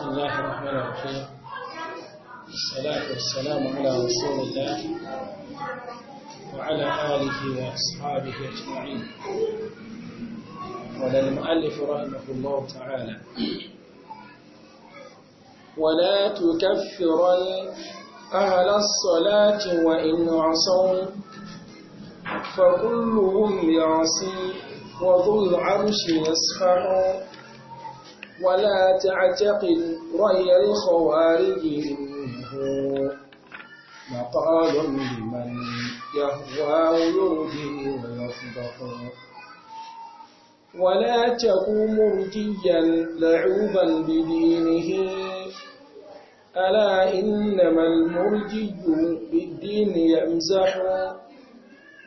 بسم الله الرحمن الرحيم الصلاة والسلام على رسول الله وعلى آله وأصحابه أجمعين قال المؤلف رحمه الله تعالى ولا تكفرن أهل الصلاة وإن عصوا فكلهم يعصي وذو العرش يسخر ولا تعتقد رأي الخوارج منه مقال لمن يهوى ويرجي ويصدق ولا تكن مرجيا لعوبا بدينه ألا إنما المرجي بالدين يمزح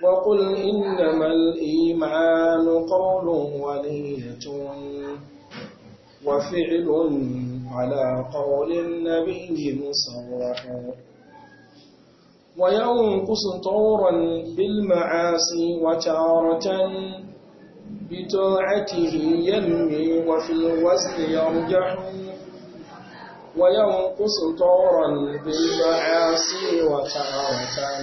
وقل إنما الإيمان قول ونية وفعل على قول النبي مصرح وينقص طورا بالمعاصي وتارة بطاعته ينمي وفي الوزن يرجح وينقص طورا بالمعاصي وتارة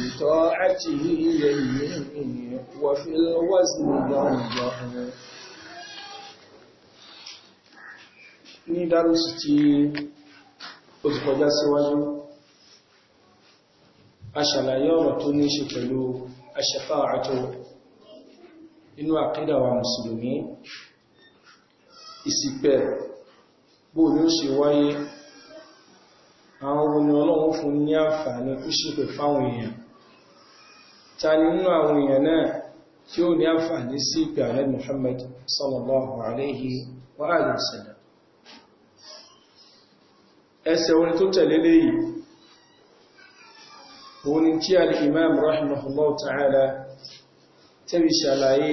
بطاعته ينمي وفي الوزن يرجح ní dárúsù tí ó ti kọjá síwájú aṣàlàyé ọ̀rọ̀ tó ní ṣe pẹ̀lú aṣafa'atu inú àkídà wa mùsùlùmí ìsìpẹ̀ bóò ní ó ṣe wáyé àwọn ohun ọlọ́run fún ní àǹfààní ó ṣìpẹ̀ fáwọn èèyàn ni nínú àwọn tí ó ní àǹfààní sí ìpẹ̀ ààrẹ Muhammad sallallahu alaihi wa alihi wasallam ẹsẹ̀ orin tó tẹ̀lé léyìí òun ni tí al-imam rahimahullahu ta'ala tẹ́bi ṣàlàyé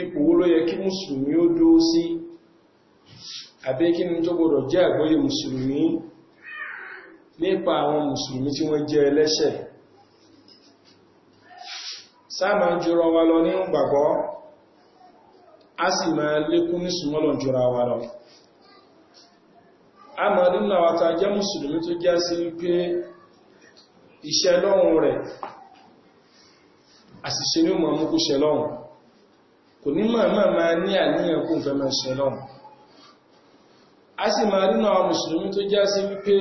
ipò wo ló yẹ kí mùsùlùmí ó dó sí àbẹ́ kí ní tó gbọdọ̀ jẹ́ àgbọ́yé mùsùlùmí nípa àwọn musulmi tí wọ́n jẹ́ ẹlẹ́ṣẹ̀ sáàmà jùra wa lọ ní gbàgbọ́ a sì máa lékún ní súnmọ́lọ̀ jùra wa lọ a mọ̀ nínú àwàta jẹ́ mùsùlùmí tó já sí wípé iṣẹ́ lọ́run rẹ̀ àṣìṣe ní mọ̀ mú kú lọ́run kò ní mọ̀ mọ̀ ní àníyàn kún fẹ́ lọ́run a sì mọ̀ nínú àwọn mùsùlùmí tó já sí wípé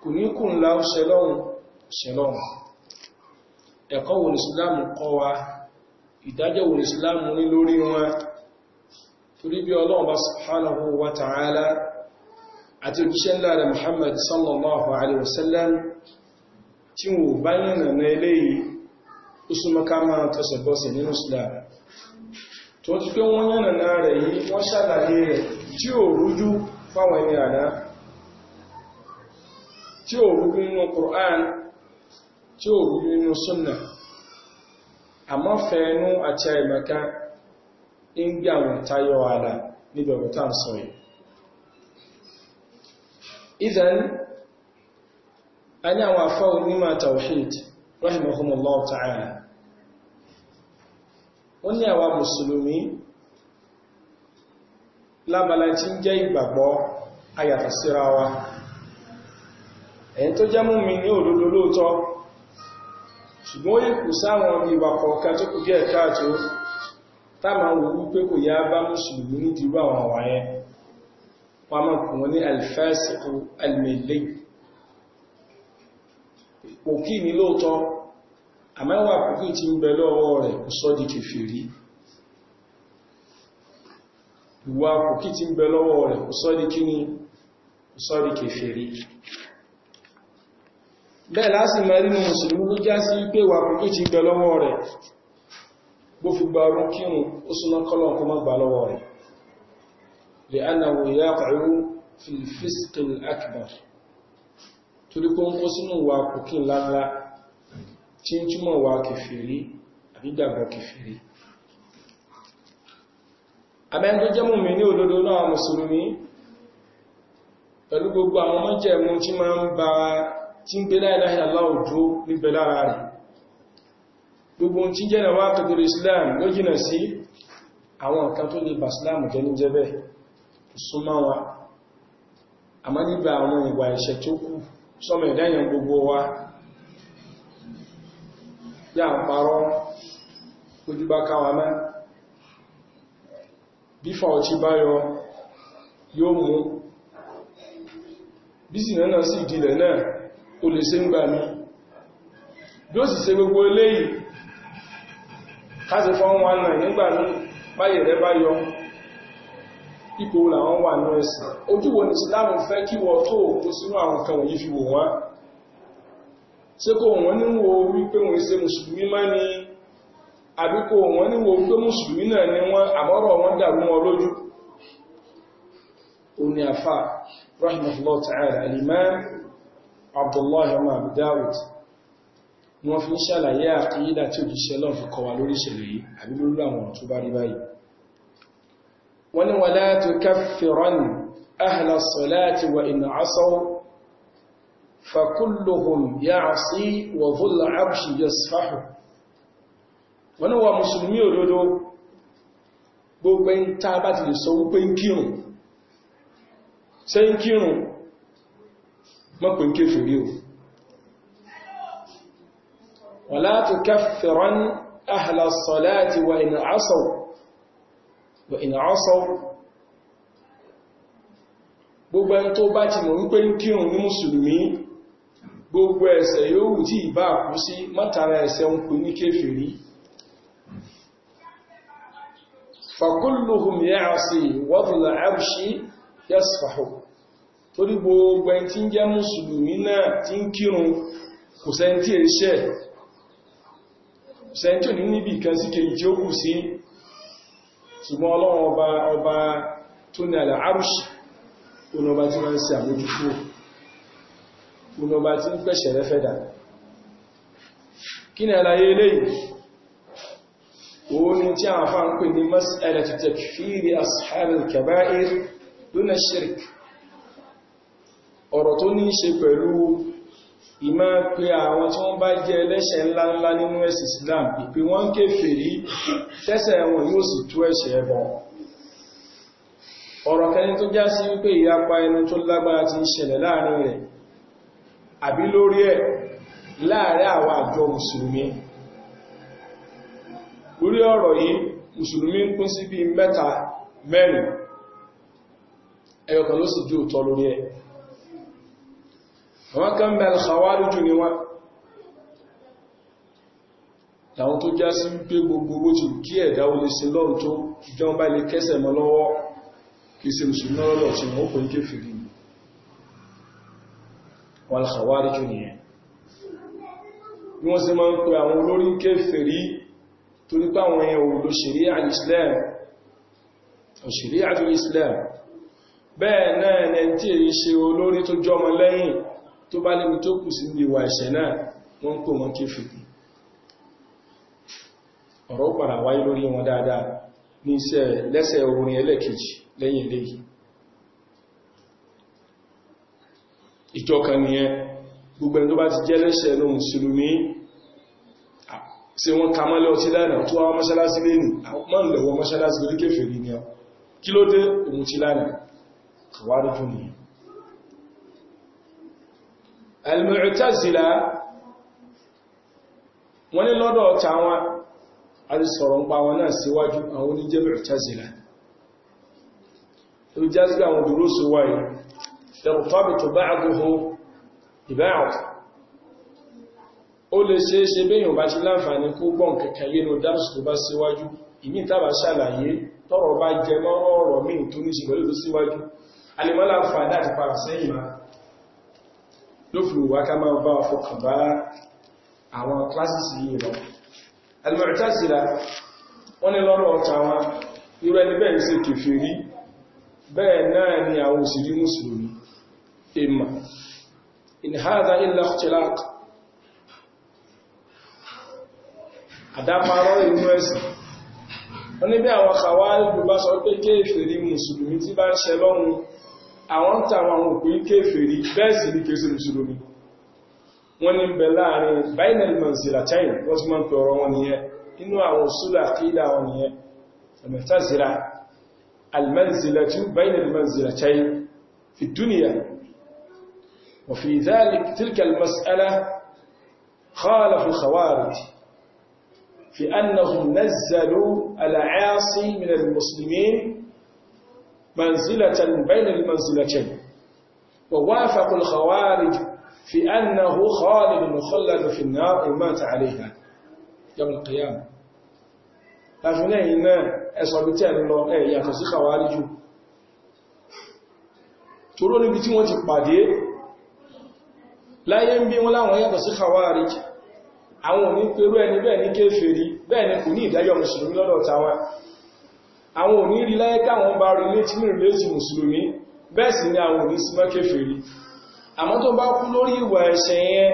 kò ní kùn lá ṣe lọ́run ṣe lọ́run àti òjíṣẹ́ ńlá rẹ̀ Muhammad sallallahu alaihi wasallam tí wò bá yìnà na eléyìí ó súnmọ́ ká máa tọ́sẹ̀bọ́sẹ̀ nínú Islam tó ti pé wọ́n yìnà na rẹ̀ yìí wọ́n ṣàlàyé rẹ̀ tí ó rújú fáwọn ẹni àná tí ó rújú nínú idan Anyanwụ afọ àwọn afọ́ onímọ̀ Tawhid, rahimahumullah ta'ala. Wọ́n ní àwọn Mùsùlùmí lábala tí ń jẹ́ ìgbàgbọ́ ayàtọ̀ síra wa. Ẹ̀yìn tó jẹ́ mú mi ní òdodo lóòtọ́, ṣùgbọ́n ó yẹ kù sáwọn ìwà kọ̀ọ̀kan tó kù díẹ̀ káàtó, táàmà wọ́n máa kùn ní alfẹ́sìkú almẹ́lẹ́ òkí ni lóòtọ́ àmẹ́wà kòkí ti ń bẹ lọ́wọ́ rẹ̀ kò sọ di kèfèrí ìwà kòkí ti ń bẹ lọ́wọ́ rẹ̀ kò sọ di kíní kò sọ di kèfèrí bẹ́ẹ̀ láti mẹ́rin mùsùlùmí ló já sí pé wà kòkí ti ń bẹ lọ́wọ́ rẹ̀ gbófùgbà ọrún kírùn ó súná kọ́lọ̀ kó má lọ́wọ́ rẹ̀ لأنه يقع في الفسق الأكبر تلكم قسم وكوكين لغا تنتما وكفيري أبدا وكفيري أما tó jẹ́ mùmí ní òdodo náà mùsùlùmí pẹ̀lú gbogbo àwọn mọ́jẹ̀mú tí ma ń bá tí ń gbé láìláì aláòdó níbẹ̀ lára rẹ̀ gbogbo tí jẹ́ na wá kàtàkì Islam ló jìnà sí àwọn nǹkan tó lè bà jẹ́ ní jẹ́ bẹ́ẹ̀ súnmọ́ wa a nígbà àwọn ìwà tó sọmọ gbogbo wa ya parọ́ ojúbá káwà náà bífà ọ̀tí báyọ yóò mú bí sì náà sí ìdílẹ̀ náà o lè se ń gbà mí bí ó gbogbo eléyìí káṣẹ fọ́n náà nígbà ní ipò làwọn wà ní ẹ̀sìn ojú wo ní ìsìláàmù fẹ́ kí wọ́n tó òkú sínú àwọn kan wọ̀nyí fi wò wọ́n ṣé kò wọ́n ní wo wípé wọ́n ṣe mùsùlùmí má ní àbí kò wọ́n ní wo pé mùsùlùmí náà ni wọ́n àmọ́rọ̀ wọn dàrú wọn lójú abdullahi ọmọ abdawud ni wọ́n fi ń ṣàlàyé àkíyídà tí òjíṣẹ́ lọ́n fi kọwa lórí ìṣẹ̀lẹ̀ yìí àbí àwọn ọ̀tún bá rí báyìí wani wala tukaffiran ahla salati wa in asaw fa kulluhum ya'si wa dhul 'arshi yasfahu wani wa musulmi òdodo gbogbo ń tá bá ti lè sọ wípé ń kírun ṣe ń kírun mọ́pẹ̀ ń kéfèrí o wala tukaffiran ahla salati wa in asaw ìnà ọ́sọ́ gbogbo ẹni tó bá ti mọ̀ wípé ń kírun ní mùsùlùmí gbogbo ẹ̀ṣẹ̀ yóò tí ìbá kú sí mọ́tara ẹ̀ṣẹ̀ ń pè ní kéfèrí fàkúlùhùn ya'si wadhul 'arshi yasfahu torí gbogbo ẹni tí ń jẹ́ mùsùlùmí náà tí ń kírun kò sẹ́ntí ẹ̀ṣẹ̀ ò ní níbi ìkan sí sí ṣùgbọ́n ọlọ́run ọba ọba tó ní àlà arúṣì onọba tí wọ́n ń ṣe àmójúfò onọba tí ń pẹ̀ṣẹ̀ rẹ́fẹ́dà kí ni àlàyé eléyìí òun tí àwọn afá ń pè ní mas'ala tó ní ìmá pé àwọn tí wọ́n bá jẹ́ ẹlẹ́ṣẹ̀ ńláńlá nínú ẹ̀sìn Islam ìpé wọ́n kèfèrí tẹ́sẹ̀ wọn yóò sì tú ẹ̀ṣẹ̀ ẹbọ ọ̀rọ̀ kẹni tó já sí wípé ìyapa ẹnu tó lágbára ti ń ṣẹlẹ̀ láàrin rẹ̀ àbí lórí ẹ̀ láàrin àwọn àjọ wọ́n kàn bẹ̀ alkhawariju ni wọ́n tàwọn tó já sí wípé gbogbo owó ti kí ẹ̀dá ó lè ṣe lọ́rùn tó ìjọun bá lè kẹ́sẹ̀ mọ́ lọ́wọ́ kì í mùsùlùmí lọ́rọ̀ tí wọ́n kò ń ké fìrí wọ́n alkhawariju nìyẹn wọ́n ṣe máa ń pè àwọn olórí ń ké fìrí torí páwọn èèyàn òun ṣeré al òṣèré àjò bẹ́ẹ̀ náà ẹni tí èyí ṣe olórí tó jọmọ lẹ́yìn tó bá léwu tó kù sí ìwà ẹ̀ṣẹ̀ náà wọ́n kò wọ́n kí fi kún ọ̀rọ̀ padà wáyé lórí wọn dáadáa ní iṣẹ́ lẹ́sẹ̀ orin ẹlẹ́kejì lẹ́yìn eléyìí ìjọkan nìyẹn gbogbo ẹni tó bá ti jẹ́ lẹ́sẹ̀ ló mùsùlùmí ṣe wọ́n ka mọ́lẹ̀ ọtí lánàá tó wá mọ́ṣálásí lé ní àwọn al-mu'tazila wọ́n ní lọ́dọ̀ tàwọn àrísọ̀rọ̀ ń pa wọn náà síwájú àwọn oníjẹ́ mu'tazila tó já sí àwọn dúró síwáyé tẹ̀rùtọ́bìtù bá àgbòho ìbáàkù ó lè ṣe é ṣe béèyàn bá ti láǹfààní kó gbọ́n kẹ̀kẹ́ yínú dáàsù tó bá síwájú ìmí tàbà ṣàlàyé tọ́rọ̀ bá jẹ mọ́ ọ̀rọ̀ míì tó ní ṣe pẹ̀lú tó síwájú alìmọ́láǹfààní àti parasẹ́yìn máa ló fi wà ká máa bá ọfọkàn bá àwọn klásìsì yìí lọ alìmọ̀rítàsílá wọ́n ni lọ́rọ̀ ọ̀tà wọn irú ẹni bẹ́ẹ̀ ń ṣe kèfèrí bẹ́ẹ̀ náà ni àwọn òsìrí mùsùlùmí ìmà in hadha illa wọ́n ni bí àwọn kàwàá ìlú pé kéfèrí mùsùlùmí tí bá ń ṣe àwọn ń tàwọn àwọn òpin kéfèrí bẹ́ẹ̀ sì ní kéèsì mùsùlùmí wọ́n ní bẹ láàrin bainal manzilatayn wọ́n ti máa ń pẹ̀ọ̀rọ̀ wọn nìyẹn inú àwọn òṣùlà àkídà wọn nìyẹn al-mu'tazila al-manzilatu bainal manzilatayn fi dunya wa fi dhalik منزلة بين المنزلتين ووافق الخوارج في أنه خالد مخلد في النار إن مات عليها يوم القيامة láfínà iná ẹ̀sọ̀bítẹ́ lọ ẹ̀yàtọ̀ sí kàwàríjù toró níbi tí wọ́n ti pàdé láyé ń bí wọ́n láwọn yàtọ̀ sí kàwàríjù àwọn òní pẹ̀lú ẹni bẹ́ẹ̀ ní kéfèrí bẹ́ẹ̀ ni kò ní ìdájọ́ mùsùlùmí lọ́dọ̀ àwọn òní rí láyé káwọn bá rí létí ní ìrìnlẹ́sì mùsùlùmí bẹ́ẹ̀ sì ni àwọn òní sí mọ́kẹfẹ̀ẹ́rí àmọ́ tó bá kú lórí ìwà ẹ̀ṣẹ̀ yẹn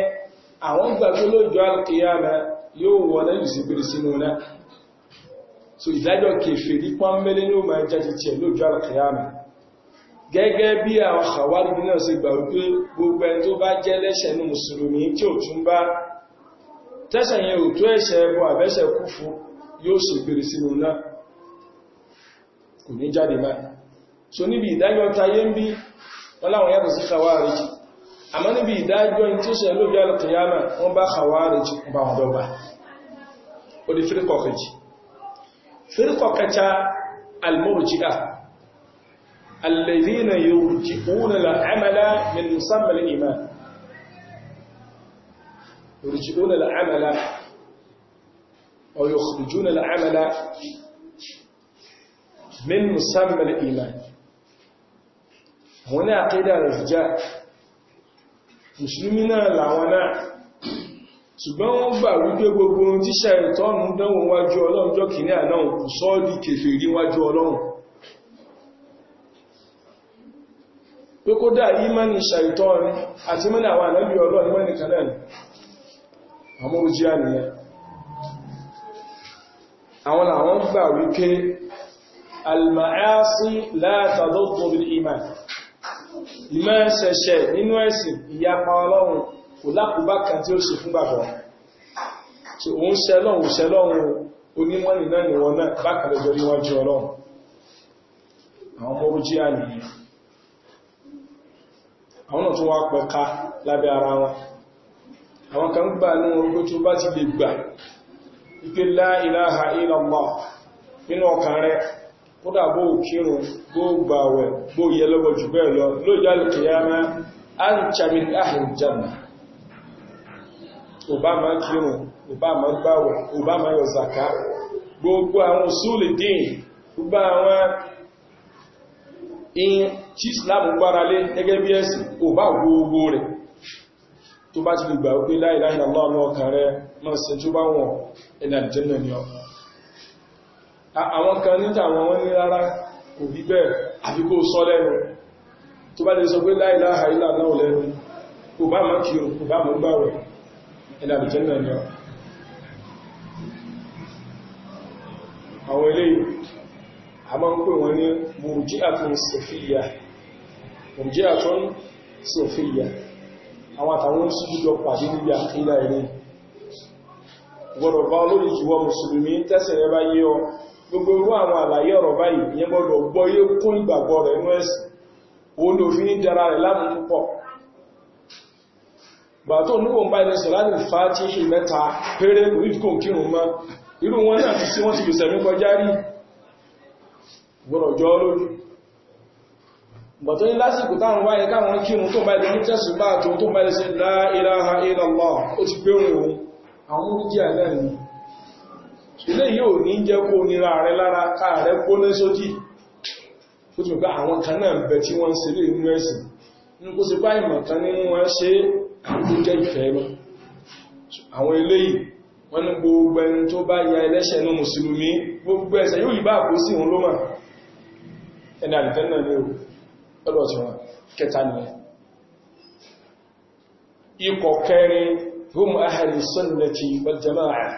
àwọn gbàgbé lójọ́ alkiyama yóò wọ́n lẹ́yìn sí gbèrè sínú náà so ìdájọ́ kèfèrí pọ́nmẹ́lẹ́ ní ó máa jáde tí ẹ̀ lójọ́ alkiyama gẹ́gẹ́ bí àwọn àwárí náà ṣe gbà wípé gbogbo ẹni tó bá jẹ́ lẹ́ṣẹ̀ ní mùsùlùmí tí ò tún bá tẹ́ṣẹ̀ yẹn ò ẹ̀ṣẹ̀ ẹbọ àbẹ́ṣẹ̀ kúfù yóò sì gbèrè sínú náà kò ní jáde máa so níbi ìdájọ́ tayé ń bí ọláwọn yàtọ̀ sí khawarij àmọ́ níbi ìdájọ́ tí ó ṣe lóbi alùkìyàmà wọ́n bá khawarij bá wọn dọ́gba ó di fírkọ̀kẹ̀jì fírkọ̀kẹ̀ta almurji'a alladhina yurji'una من musamman iman wani àkídà rẹ̀fìjá musulmi náà làwọn náà ṣùgbọ́n wọ́n gbà wípé gbogbo ohun tí ṣàìtọ́nù dánwò wájú ọlọ́run jọ kìíní àdáhùn kò sọ́ọ̀dì kèfèrí wájú ọlọ́run pé kó dá ìmánì ṣàìtọ́nù àti mẹ́nà àwọn ànábì ọlọ́run mẹ́nì kanáà al-ma'asi la tadurru bil iman ìmọ̀ ṣẹ̀ṣẹ̀ nínú ẹ̀sìn ìyapa ọlọ́run kò lákòóbá kan tí ó ṣe fún bàbá tí ó ń ṣẹlọ́run òṣẹlọ́run onímọ̀nì náà nìwọ̀n náà bákan lọ́jọ́ níwájú ọlọ́run àwọn ọmọ ojú àníyàn àwọn náà tó wá pẹ̀ka lábẹ́ ara bá ilaha illallah nínú ọkàn rẹ̀ kódà bó kírun bó gbàwẹ̀ bó yẹ lọ́gbọ̀ jù bẹ́ẹ̀ lọ lójá alìkìyàmá an chamin ahìl janna ọba ma kírun ọba ma gbàwẹ̀ ọba ma yọ zaka gbogbo àwọn súlì dín gbogbo àwọn in tí islam gbára lé gẹ́gẹ́ bí ẹ̀sìn ọba gbogbo rẹ̀ tó bá ti gbà wípé láìláìlá lọ́nà ọkàn rẹ̀ mọ́ sí bá wọn ẹ̀nà jẹ́nà ni ọkàn àwọn kan níta àwọn wọ́n ní rárá kò rí bẹ́ẹ̀ àbí kó sọ lẹ́nu tó bá lè sọ pé la ilaha illallah lẹ́nu kò bá máa kí o kò bá mọ́ gbáwẹ̀ ẹ̀dà lùjẹ́ náà ni àwọn eléyìí a máa ń gbọ́dọ̀ bá olórí ìwọ mùsùlùmí tẹ́sẹ̀ rẹ bá gbogbo irú àwọn àlàyé ọ̀rọ̀ báyìí ìyẹn gbọ́dọ̀ gbọ́ yé kún ìgbàgbọ́ rẹ̀ inú ẹ̀sìn òun ló fi ní dára rẹ̀ láàmú púpọ̀ bà tó níwò ń bá ilẹ̀ sọ láti fa tí ṣe mẹ́ta péré oríkò kírun mọ́ irú la ilaha illallah ó ti gbé òun àwọn ilé yóò ní jẹ́ kó nira rẹ lára ká rẹ gbóná sójì ó ti gbá àwọn kan náà bẹ tí wọ́n ń ṣe lè nínú ẹ̀sìn ní kó sí báyìí mọ̀kan nínú wọn ṣe àkókò jẹ́ ìfẹ́ mọ́ àwọn eléyìí wọ́n ní gbogbo ẹni tó bá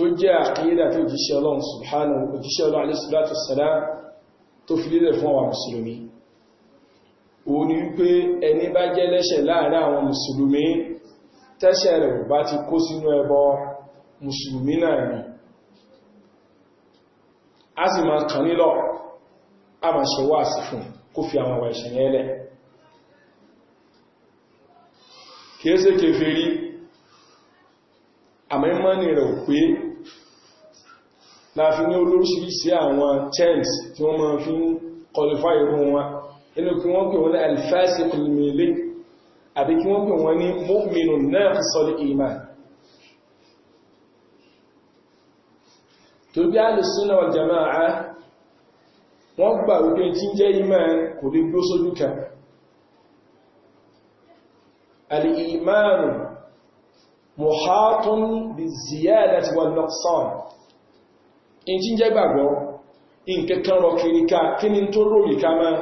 tó jẹ́ àkíyèdà tó jíṣẹ́ ọlọ́run subhanahu òjíṣẹ́ ọlọ́run alẹ́sìlátù sẹ́lá tó fi lélẹ̀ fún àwọn mùsùlùmí o ní wípé ẹni bá jẹ́ lẹ́ṣẹ̀ láàrin àwọn mùsùlùmí tẹ́ṣẹ̀ rẹ̀ bá ti kó sínú ẹbọ mùsùlùmí náà ni rẹ̀ pé láàfin ní olóríṣìíríṣìí àwọn terms tí wọ́n máa fi ń qualify irun wọn inú kí wọ́n pè wọ́n ní alfasiqul milli àbí kí wọ́n pè wọ́n ní mu'minun naqsul iman tó bí alùsúnà wal jama'a wọ́n gbà wípé tí jẹ́ iman kò lè gbó sójú kan al muhatun bi ziyadati wal nuqsan in ti jẹ́ gbàgbọ́ in kẹkàn rọ kìríká kí ni tó lórí ká máa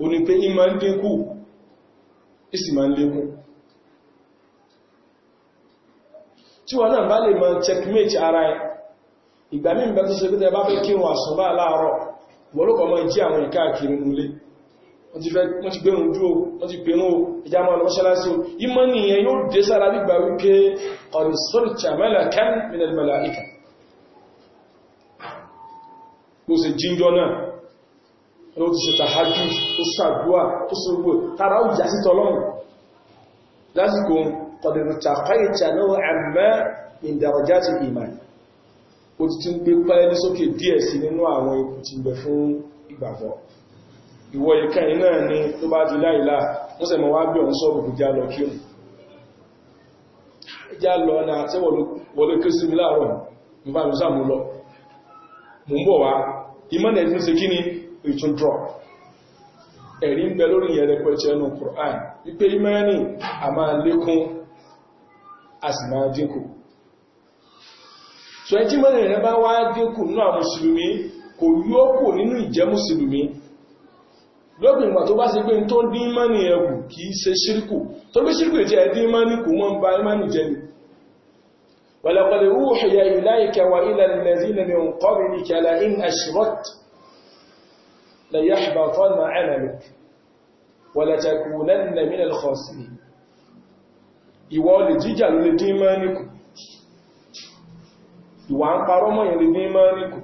o ní pé in máa ń dínkù ìsì máa ń lékún tí wọ́n náà bá lè mọ checkmate ara ẹ̀ ìgbà mí bẹ́ tó ṣe pé tẹ bá fẹ́ kí wọn àsùnbá láàárọ̀ wọ́lọ́pọ̀ mọ́ jí àwọn ìkáàkiri múlé wọ́n ti gbé ohun dúró wọ́n ti pèrún ìjá mọ́ lọ́ṣẹ́lásí ìmọ́ nìyẹn yóò dé sára gbígbà wípé ọ̀rìsọ́rì tàmẹ́lẹ̀kẹ́ mìnàlmàláìkà bó ṣe jíjọ náà ló ti ṣe tàhájú ó ṣàdúà ó ṣogbò tàrà ó jásí tọ́lọ́run lásìkò kọ̀dẹ̀rùtàkọ́ìtà náà àmẹ́ ìdàrọ̀játi ìmàn ó ti tún gbé pẹ́lẹ́ ní sókè díẹ̀ sí nínú àwọn ikú fún ìgbàgbọ́ ìwọ ìkẹyìn náà ni lọ o ń bọ̀ wá ìmọ́lẹ̀ tún ṣe kí ni ìtún drop ẹ̀rí ń bẹ lórí yẹn rẹpẹtẹ ẹnu Qur'an wípé ìmọ́ni a máa lékún a sì máa dínkù so ẹjí mọ́lẹ̀ rẹ bá wá dínkù nínú àwọn mùsùlùmí kò yóòkù nínú ìjẹ́ mùsùlùmí lópin ìgbà tó bá ṣe pé tó dín mọ́ni ẹ̀kù kìí ṣe ṣírkù tó bí ṣírkù jẹ́ dín mọ́ni kò mọ́ ولقد أوحي إليك وإلى الذين من قبلك لئن أشركت ليحبطن عملك ولتكونن من الخاسرين ìwọ lè jíjà ló lè dín mọ́ níkù ìwà ń parọ́ mọ́ yẹn lè dín mọ́ níkù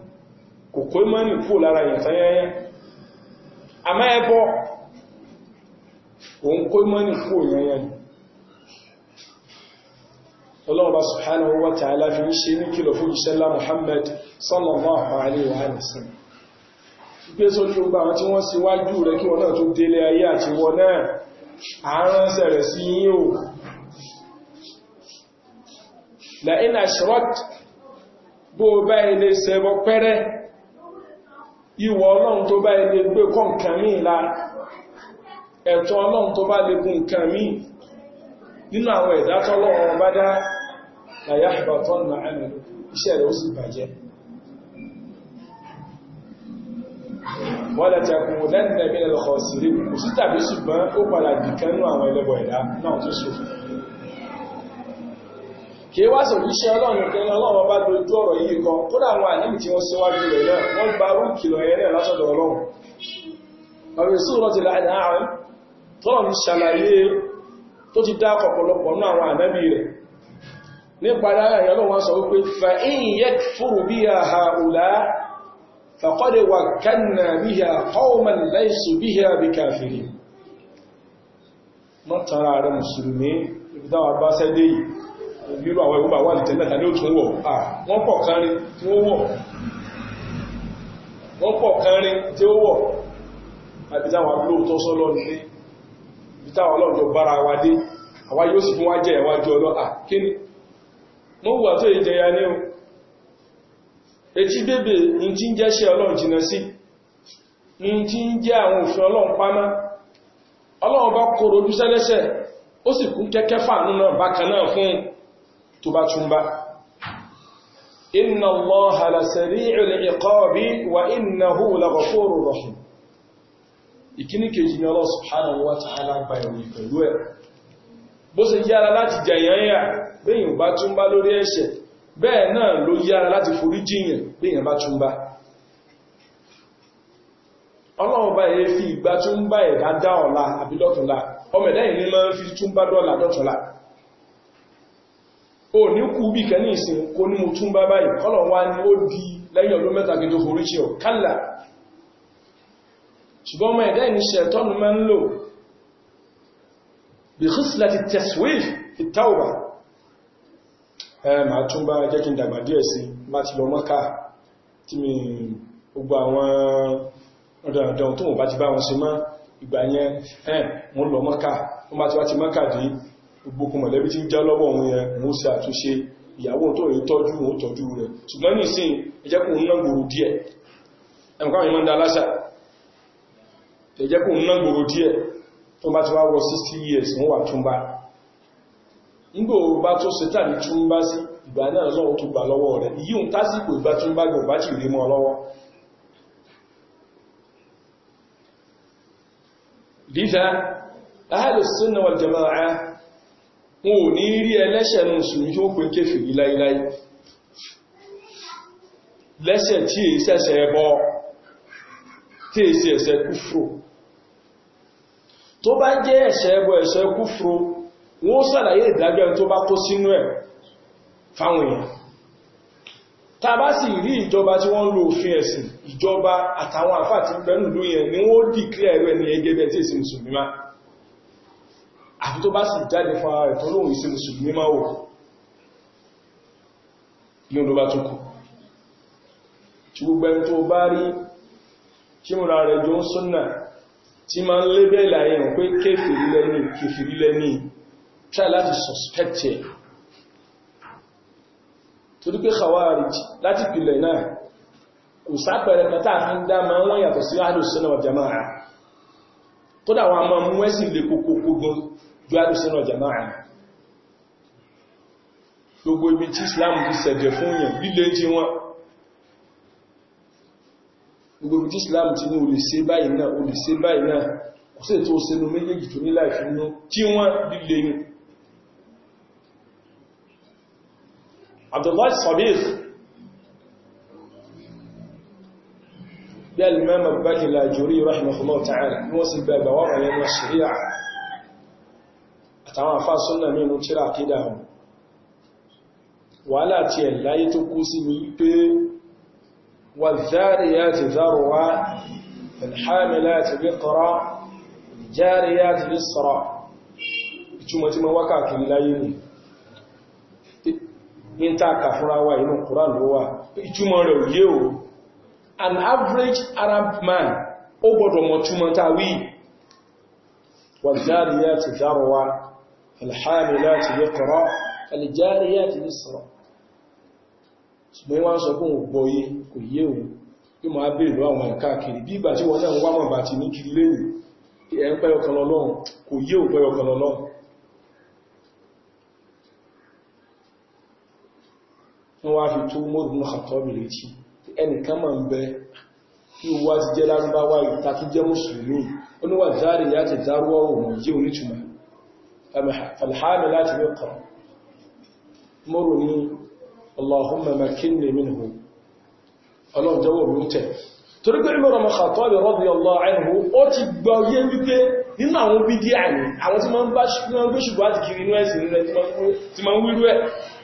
kò kó mọ́ ní fò lára yẹn sáyẹ́yẹ́ àmá ẹbọ òun kó mọ́ ní fò yẹn yẹn ọlọ́ọ̀bá subhanahu wa ta'ala fi ń ṣe ní kìlọ̀ fún ìṣẹ́lá Muhammad sallallahu alaihi wa sallam pé sórí ogbà àwọn tí wọ́n síwájú rẹ̀ kí wọ́n náà tó délé ayé àti wọ́n náà àáránṣẹ́ rẹ̀ sí yí o la'in ashrakt bó bá ìwọ̀ ọlọ́run tó bá ilé gbé kọ́ nǹkan míì la ẹ̀tọ́ ọlọ́run tó bá lè gùn nǹkan míì nínú àwọn ẹ̀dá tọ́lọ́wọ́ bá dá láyá ìbátọ́ na ẹnu iṣẹ́ rẹ̀ ó sì bàjẹ́ wọ́n lẹ́tẹ̀kùn lẹ́nìyàn bí ẹlọ́kọ̀ sí rí kò sí tàbí ṣùgbọ́n ó padà dìkanú àwọn ẹlẹ́bọ̀ ẹ̀dá náà tó ṣòfò kí wá sọ jíṣẹ́ ọlọ́run kan ọlọ́run bá dojú ọ̀rọ̀ yìí kan tó dáwọn àníbi ṣàlàyé tó ti dá ọ̀pọ̀lọpọ̀ ní àwọn ànábì rẹ̀ nípa ara ìyọ́lọ́ wọn sọ wípé fa'in yakfuru biha haula faqad wakkanna biha qauman laysu biha bikafirin mọ́ tara rẹ̀ mùsùlùmí ìdáwà bá sẹ́dẹ̀ yìí ìlú àwọn ìgbà wà ní tẹ́lẹ̀ta ní ó tún wọ̀ wọ́n pọ̀ kan rí tí sọ́lọ́ nílé ìtàwọn ọlọ́jọ bára wa dé àwa yóò sì fún wá jẹ ìwájú ọlọ́à kí ni mọ́ wà tó ní o etí bèbè ní tí ń jẹ́ṣẹ́ ọlọ́run jìnà sí ní tí ń jẹ́ àwọn òfin ọlọ́run pamá ọlọ́run bá kòrò ojú ó sì kún kẹ́kẹ́ fàánú náà bákan náà fún ìkíní kejì ni Allah subhanahu wa ta'ala gba ìròyìn pẹ̀lú ẹ̀ bó ṣe yára láti jẹyànyà béèyàn bá túnbá lórí ẹ̀ṣẹ̀ bẹ́ẹ̀ náà ló yára láti forí jìyàn béèyàn bá túnbá ọlọ́run bá fi ìgbà túnbá ẹ̀dá dá ọ̀la àbí ọmọ ma fi ṣùgbọ́n ọmọ ẹ̀dá ìní ṣẹ̀tọ́nù máa ń lò bí kìsìlá ti taswif fi tawba ẹ ma tún bá jẹ́ kí n dàgbà díẹ̀ sí bá ti lọ mọ́ká tí mi gbogbo àwọn ọ̀dọ̀dọ̀ tó mọ̀ bá ti bá wọn ṣe mọ́ ìgbà yẹn ẹ̀ wọ́n lọ mọ́ká wọ́n bá ti wá ti mọ́ká dé gbogbo ẹjẹ́ kò ná gbòrò díẹ̀ tó bá ti wá wọ 60 years wọ́n wà túnbá nígbò bá tó sẹ́tà ní túnbá sí ìgbà náà lọ́wọ́ tó gbà lọ́wọ́ rẹ̀ yíò ń tásìkò ìgbà túnbá gbò bá ti rí mọ́ lọ́wọ́ lífẹ́ ahlu sunna wal jama'a wọn ò ní rí tí èsẹ̀ṣẹ̀ ẹbọ tí tó bá jẹ́ ẹ̀ṣẹ̀ ẹbọ ẹ̀ṣẹ̀ kúfúrú wọ́n sàlàyé ìdájọ́ tó bá kó sínú ẹ̀ fáwọn èèyàn ta bá sì rí ìjọba tí wọ́n lo òfin ẹ̀sìn ìjọba àtàwọn àfà tí bẹ̀rù ló yẹn ni wọ́n dìklẹ̀ ẹ̀rọ ẹni ẹgẹ́gẹ́ tí èsì mùsùlùmí tí ma ń lé bẹ́ẹ̀lá ẹ̀yàn pé kéfèrí lẹ́ni kéfèrí lẹ́ni try láti suspect ẹ̀ torí pé khawarij láti pìlẹ̀ náà kò sápẹ̀rẹ̀ pẹ̀tà fi ń dá ma wọ́n yàtọ̀ sí alùsẹ́nà jama'a kódà wọn a máa mú ẹ̀sìn lè kókókó gan ju alùsẹ́nà jama'a gbogbo ibi tí Islam ti sẹ̀jẹ̀ fún yàn líle jí gbogbo tí Islam ti ní o lè ṣe báyìí náà o lè ṣe báyìí náà kò sí ètò òṣèlú méjèèjì tó ní láìfí inú kí wọ́n líle ní Abdullahi Sabir bí al-Imam al rahimahullah ta'ala ni wọ́n sì bẹ àgbàwọ́ rẹ̀ nínú ṣíríà àtàwọn afá súnnà nínú tíra àkídà wọn wàhálà ẹ̀ láyé tó kú sí ni pé والذاريات ذروة الحاملات بقرة الجاريات بسرى ìtumọ̀ tí ma wá káàkiri láyé nù ní tààkà fúnra wa inú an average Arab man ó gbọdọ̀ mọ̀ túnmọ̀ tàwí والذاريات ذروة الحاملات بقرة الجاريات بسرى ṣùgbọ́n wọ́n sọ fún ògbóyé kò yé òun yóò máa bèèrè lọ àwọn ẹ̀ka kiri bí ìgbà tí wọ́n náà ń wá mọ̀ bá ti ní kiri lẹ́yìn ẹ̀ ń pẹ́yọ kan lọ́lọ́run kò yé ò pẹ́yọ kan lọ́lọ́run wọ́n wá fi tó mọ́rùn-ún allahumma makinni minhu ọlọ́run jẹ́wọ́ mi ó tẹ̀ torí pé ìmọ̀ ọmọ Khattabi radiyallahu anhu ó ti gbọ́ yé wípé nínú àwọn bídíà ní àwọn tí wọ́n bá gbé ṣùgbọ́n àti kiri inú ẹ̀sìn rẹ̀ tí ma ń wírú ẹ̀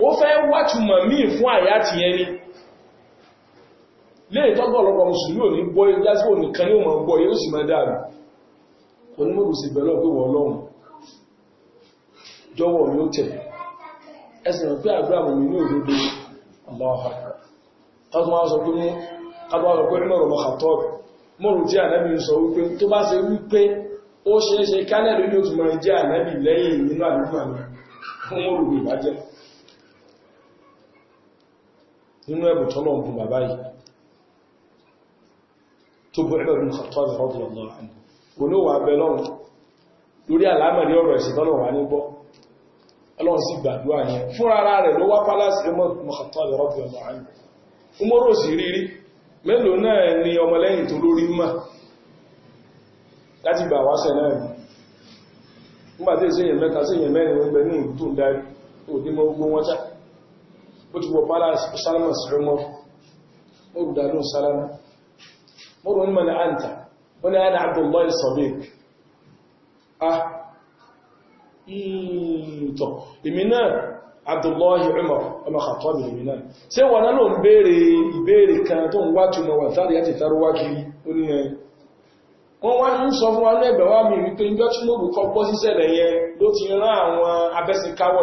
ó fẹ́ wàtúmọ̀ míì fún àyá ti yẹn ni lè tọ́gbọ̀lọpọ̀ mùsùlùmí ò ní gbọ́ ìdásíwò Allah tọ́tún wọ́n sọ pé ní kábọ́ọ̀rọ̀ pé mọ̀rọ̀ mọ̀kàtọ́ọ̀rù mọ̀rọ̀ jẹ́ ànábì ń sọ wípé tó bá ṣe wípé ó ṣeéṣe kálẹ̀ lórí ó tún mọ̀ jẹ́ ànábì lẹ́yìn nínú àdúgbà mi fún mọ̀rọ̀ ní gbọ́ ọlọ́run rẹ̀ ló wá pálásì mọ̀kàtọ́ọ̀rù rọ́dùn ọ̀dọ̀ àìyàn umaru si riri mélòó náà ni ọmọlẹ́yìn tó lórí mọ́ láti gbà wáṣẹ̀ náà nígbàtí enyemaka mẹ́ta enyemaka mẹ́rin wọ́n gbẹ̀ ní ìdú dárí òdímọ̀ ogun wọ́n chá ó ti wọ Abdullahi Umar ọmọ Khattabi lèmi náà ṣé wọn náà ló ń béèrè ìbéèrè kan tó ń wá túnmọ̀ wà tàbí láti tàrú wá kiri ó ní ẹn eh, wọ́n wá ń sọ fún wa ní ẹgbẹ̀ wá mi wípé ń jọ́ Tinubu kọ́ bọ́ síṣẹ̀lẹ̀ yẹn ló ti rán àwọn abẹ́sìnkáwọ̀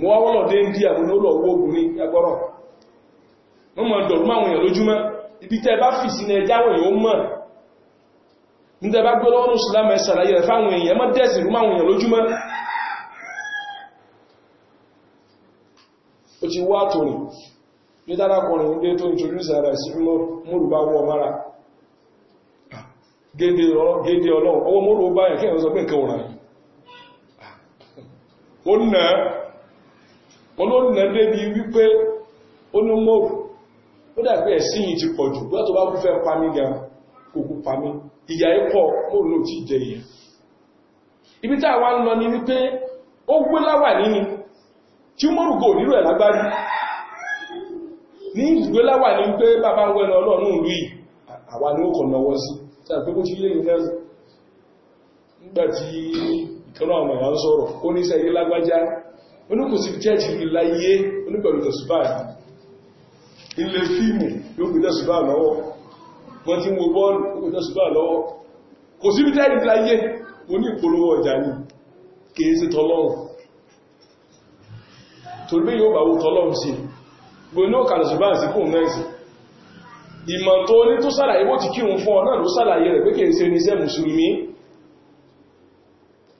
mụwa wá dị ndị mo ní ụlọ lọ owó ogun ní ẹgbọ́rọ̀ wọ́n mọ̀ dọ̀rùn àwọn èèyàn ma ibi tẹ́ bá fì sí ní ẹjáwọ̀ èèyàn mọ̀ ní tẹ́ bá gbé lọ́wọ́ ìsìlámù ẹ̀sàlàyé rẹ̀ fáwọn èèyàn mọ́ dẹ̀sì rú máwọn èèyàn lójúmọ́ ó mara wọn ló nà débi wípé ó ní mọ́rù ó dàgbé ẹ̀sìn yìí ti pọ̀ jù bóyá tó bá kú fẹ́ pa mí gan kò kú pa mí ikọ̀ ló ti jẹ ìyà ibi taa àwa ń lọ ni wípé ó gbé láwà níní tí mọ́rù kò nílò ẹ̀ lágbárí ní ìgbé láwà ní pé bàbá ń wẹ́nu ọlọ́run rí àwa ni ó kọ̀ náwọ́ sí tàbí oníkùsí jẹ́jì ìláyé onípẹ̀lú tẹ̀sùbá ilé fíìmù yóò gbé tẹ̀sùbá lọ́wọ́ wọ́n tí mo bọ́ọ̀lù ó gbé tẹ̀sùbá lọ́wọ́ kò sí jẹ́jì ìláyé oní ìpolówó ọjà ní kìí sí tọlọ́run torí bí yóò bá wo tọlọ́run sí gbóná kàlùsùbá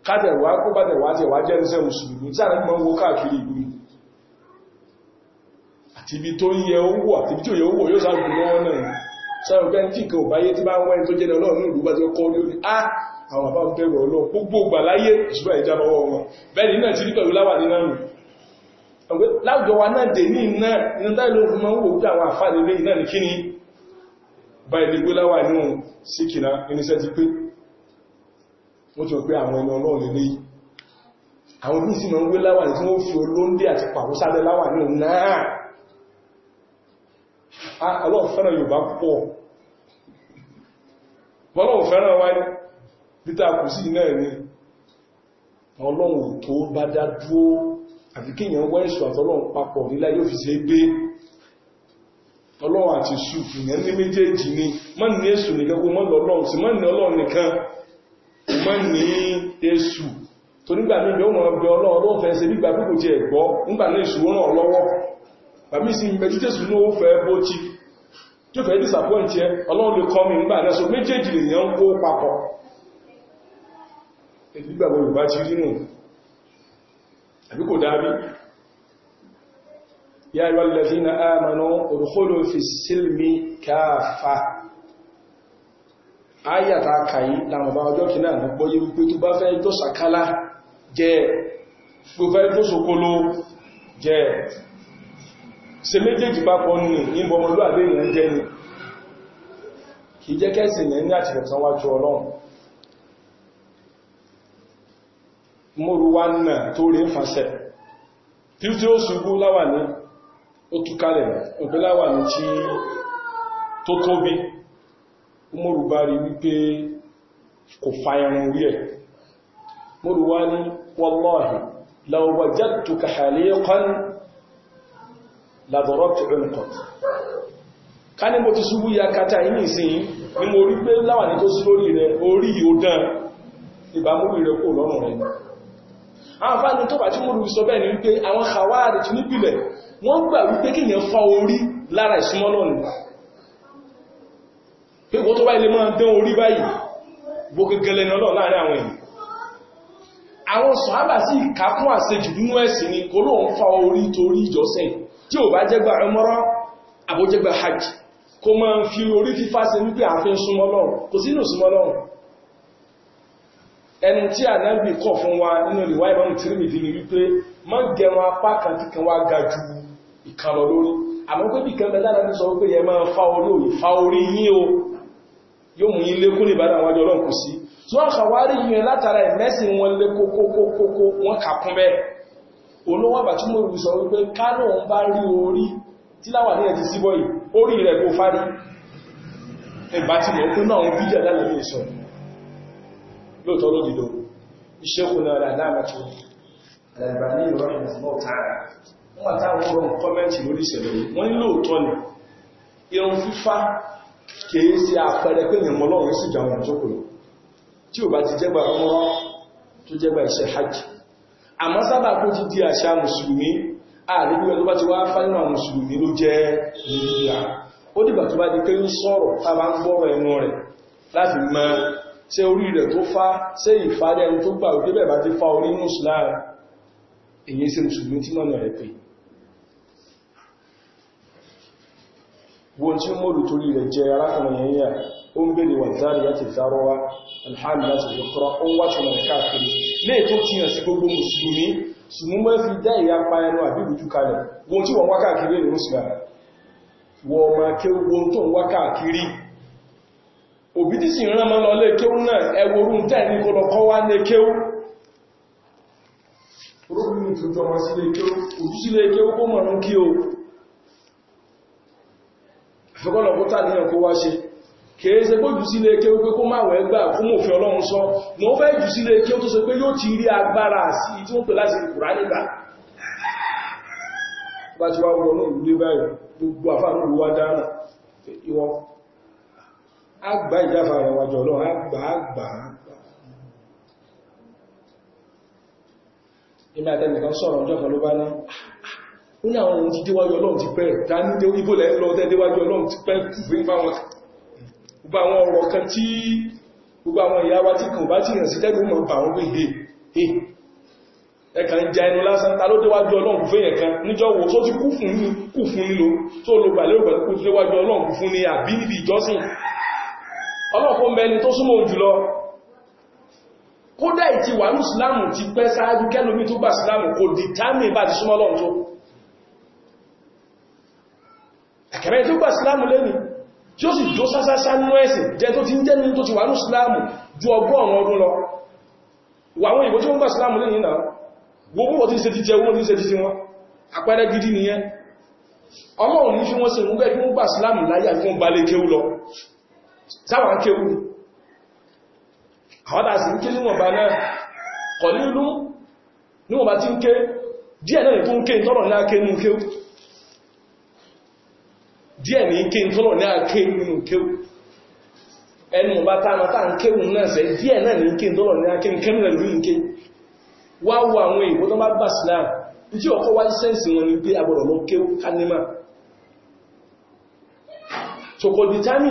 kádẹ̀wà kó bá dẹ̀wà tí ẹ̀wà jẹ́ níṣẹ́ mùsùlùmí tí àrẹ́gbọ́n owó káàkiri ìlú àti ibi tó yẹ owó àti ibi tí ò yẹ owó yóò sáàgùn lọ́wọ́ náà sáàrùgbẹ́ tí kò báyé tí bá ń wáyé tó jẹ́ ọlọ́run ìlú bá tí ó kọ́ ní orí á ah, àwọn àbá bẹ̀rù ọlọ́run gbogbo gbà láyé ìṣúgbà ìjábọ̀ wọn ó ti pé àwọn ẹni ọlọ́run lè léyìí àwọn bí sínú wé láwà ní tí wọ́n fi olóńdé àti pàwọ́sálẹ́ láwà ní òun náà ọlọ́run fẹ́ràn Yorùbá pọ̀ ọlọ́run fẹ́ràn wá ní títà kù sí náà ní ọlọ́run tó bá dá dúó àti kíyàn wọ́n èṣù àtọ́lọ́run papọ̀ nílá yóò fi ṣe gbé ọlọ́run àti ṣù ìyẹn ní méjèèjì ni mọ́ ní èṣù nìkan kó mọ́ lọ́lọ́run sí mọ́ ní ọlọ́run nìkan mọ́ ní ya tó nígbà níbi ó ọgbẹ̀ ọlọ́ọ̀lọ́ fẹ́ se nígbà pípò ti ẹ̀gbọ́ nígbà ní èṣù ó lọ́wọ́ bàbí sí mẹ́jú tẹ́sù ní ó fẹ́ bó ya tó fẹ́ disappoint ẹ áyàtà kàyí làmàbá ọjọ́ kìnnà ní pọ́yé wípé tó bá fẹ́ jọ sàkálá jẹ́ tó fẹ́ jọ sòkóló jẹ́ ṣe méjèèjì bá pọ̀ ní ìbọn ọmọlúwàbí ìrìn jẹ́ ni kì jẹ́ kẹ́sì ní ní àti ẹ̀sán wájú ọlọ́run mọ́rú tó tóbi Umaru bá rí wípé kò fa ẹran orí ẹ̀ Umaru wá ní wallahi law wajadtuka haliqan la darabtu unqak ká ní mo ti ṣubú ya kata yìí nìsìn ni mo rí pé láwàní tó sí lórí rẹ̀ orí yóò dán ìbámúrí rẹ̀ kò lọ́rùn rẹ̀ àǹfààní tó bá tí mo rú sọ bẹ́ẹ̀ ni wípé àwọn Khawarij nípìlẹ̀ wọ́n gbà wípé kíyàn fa orí lára ìsúnmọ́lọ́nù pé kò tó bá ilé máa dán orí báyìí bó gẹ́gẹ́lẹ́ ní ọlọ́ láàrin àwọn èèyàn àwọn sọ̀hábà sí ìkákún àṣejù nínú ẹ̀sìn ni kò lóun fa orí torí ìjọsìn tí ò bá jẹ́gbà ẹmọ́rọ́ àbójẹ́gbà hajj kó máa ń fi orí fífá ṣe wípé àfin súnmọ́ lọ́rùn kò sínú súnmọ́ lọ́rùn ẹni tí ànábì kọ̀ fún wa nínú ìwá ìbámu tìrìmìdì ni sọ wípé yẹ máa fa olóòyì fa orí yín o yóò mú yín lékún ní ìbádàn wájú ọlọ́run kò sí tó àkàwárí yìí látara ìmẹ́sìn wọn lé kókókókó wọn kàkún bẹ́ẹ̀ olówó àbàtí mo rù sọ wípé kánò ń bá rí orí tí láwà ní ẹ̀tì síbọ̀ yìí orí rẹ̀ kó fárí ẹ̀bá ti lẹ̀ pín náà bí jẹ́ lálẹ́ ní sọ lóòtọ́ ló dìdò ìṣẹ́kùn náà rà kìí ṣe àpẹẹrẹ pé ìmọ̀ ọlọ́run sì jà wọn jókòó tí ò bá ti jẹ́gbà ọmọrán tó jẹ́gbà iṣẹ́ hajj àmọ́ sábà kó ti di àṣà mùsùlùmí àríwẹ̀ tó bá ti wá fáyínà mùsùlùmí ló jẹ́ nìyà ó dìgbà tó bá di pé ń sọ̀rọ̀ tá bá ń gbọ́rọ̀ ẹnu rẹ̀ láti mọ ṣé orí rẹ̀ tó fá ṣé ìfárẹ́ ẹni tó gbà òkè bẹ̀rẹ̀ bá ti fá orí nùsùlára èyí sí mùsùlùmí wọn tí mọ́rù torí rẹ̀ jẹ arákùnrin o yà ó ń bèèrè wà záàrí láti zárọwá alhàmì láti zọkọrọ ó wáṣọ mọ̀ káàkiri léè tó tí hàn sí gbogbo fi dá ìyá pa ẹnu àbí ìrújú kalẹ̀ wọn tí wọ́n wá ma ké wọn tó ń wá káàkiri òbí tí sì rán mọ́ lọ o ṣùgbọ́nà kó tà níyàn kó wá ṣe kìí ṣe pé jù sílé ké ó pé kó máa wẹ́ gbà fún òfin ọlọ́run sọ mọ́ fẹ́ jù sílé ké ó tó ṣe pé yóò ti rí agbára sí tí wọ́n pè láti kùrá nígbà bá ti wá wọ́n ló bá ó ní àwọn ohun ti déwájú ọlọ́run ti pẹ́ dání dé ibò lẹ́yìn lọ tẹ́ déwájú ọlọ́run ti pẹ́ kùfé fáwọn gbogbo àwọn ọ̀rọ̀ kan tí gbogbo àwọn ìyá wa tí kàn bá ti yàn sí tẹ́lú mọ̀ he ẹ̀kà ń ja ẹnu lásán ta ló déwájú ọlọ́run fún yẹn kan níjọ́ wo tó ti kú fún ní kú fún ní lo tó lo gbà lérò pẹ̀lú kú tó déwájú ọlọ́run fún ní àbí níbi ìjọsìn ọlọ́pọ̀ mẹni tó súnmọ́ jùlọ kódà ìtiwà ní ìsìlámù ti pẹ́ sáájú kẹ́lómi tó gbà ìsìlámù kò dìtámì bá ti súnmọ́ ọlọ́run tó àkẹ́rẹ́ tó gbà sílámù lẹ́ni tí ó sì jó sásásá nú ẹ̀sìn jẹ́ tó ti ń jẹ́ni tó ti wà ní sílámù ju ọgọ́rùn ọdún lọ wàwọn ìbò tí wọ́n gbà sílámù lẹ́ni ń ṣe ní ṣe títí wọn àpẹẹrẹ gidi nìyẹn ọlọ́run ní fi wọ́n ṣe múgbẹ́ kí wọ́n gbà sílámù láyà fún balẹ̀ kéwú lọ sáwọn kéwú àwọn tàbí ń ké níwọ̀nba náà kọ̀ nílùú níwọ̀nba tí ń ké díẹ̀ náà tó ń ké tọ́rọ̀ ní akéwú díẹ̀ ní ké tọ́lọ̀ ní àké nínú kéwù ẹnu bá tánà tá ń kéwù náà sẹ díẹ̀ náà ní ké tọ́lọ̀ ní àké nínú nínú ké wá wo àwọn èèbó tó bá gbà sílá tí ọkọ̀ wá sẹ́ǹsì wọn ni pé agbọ̀rọ̀ lọ kéwù kánímà sọkọ̀ dìtámì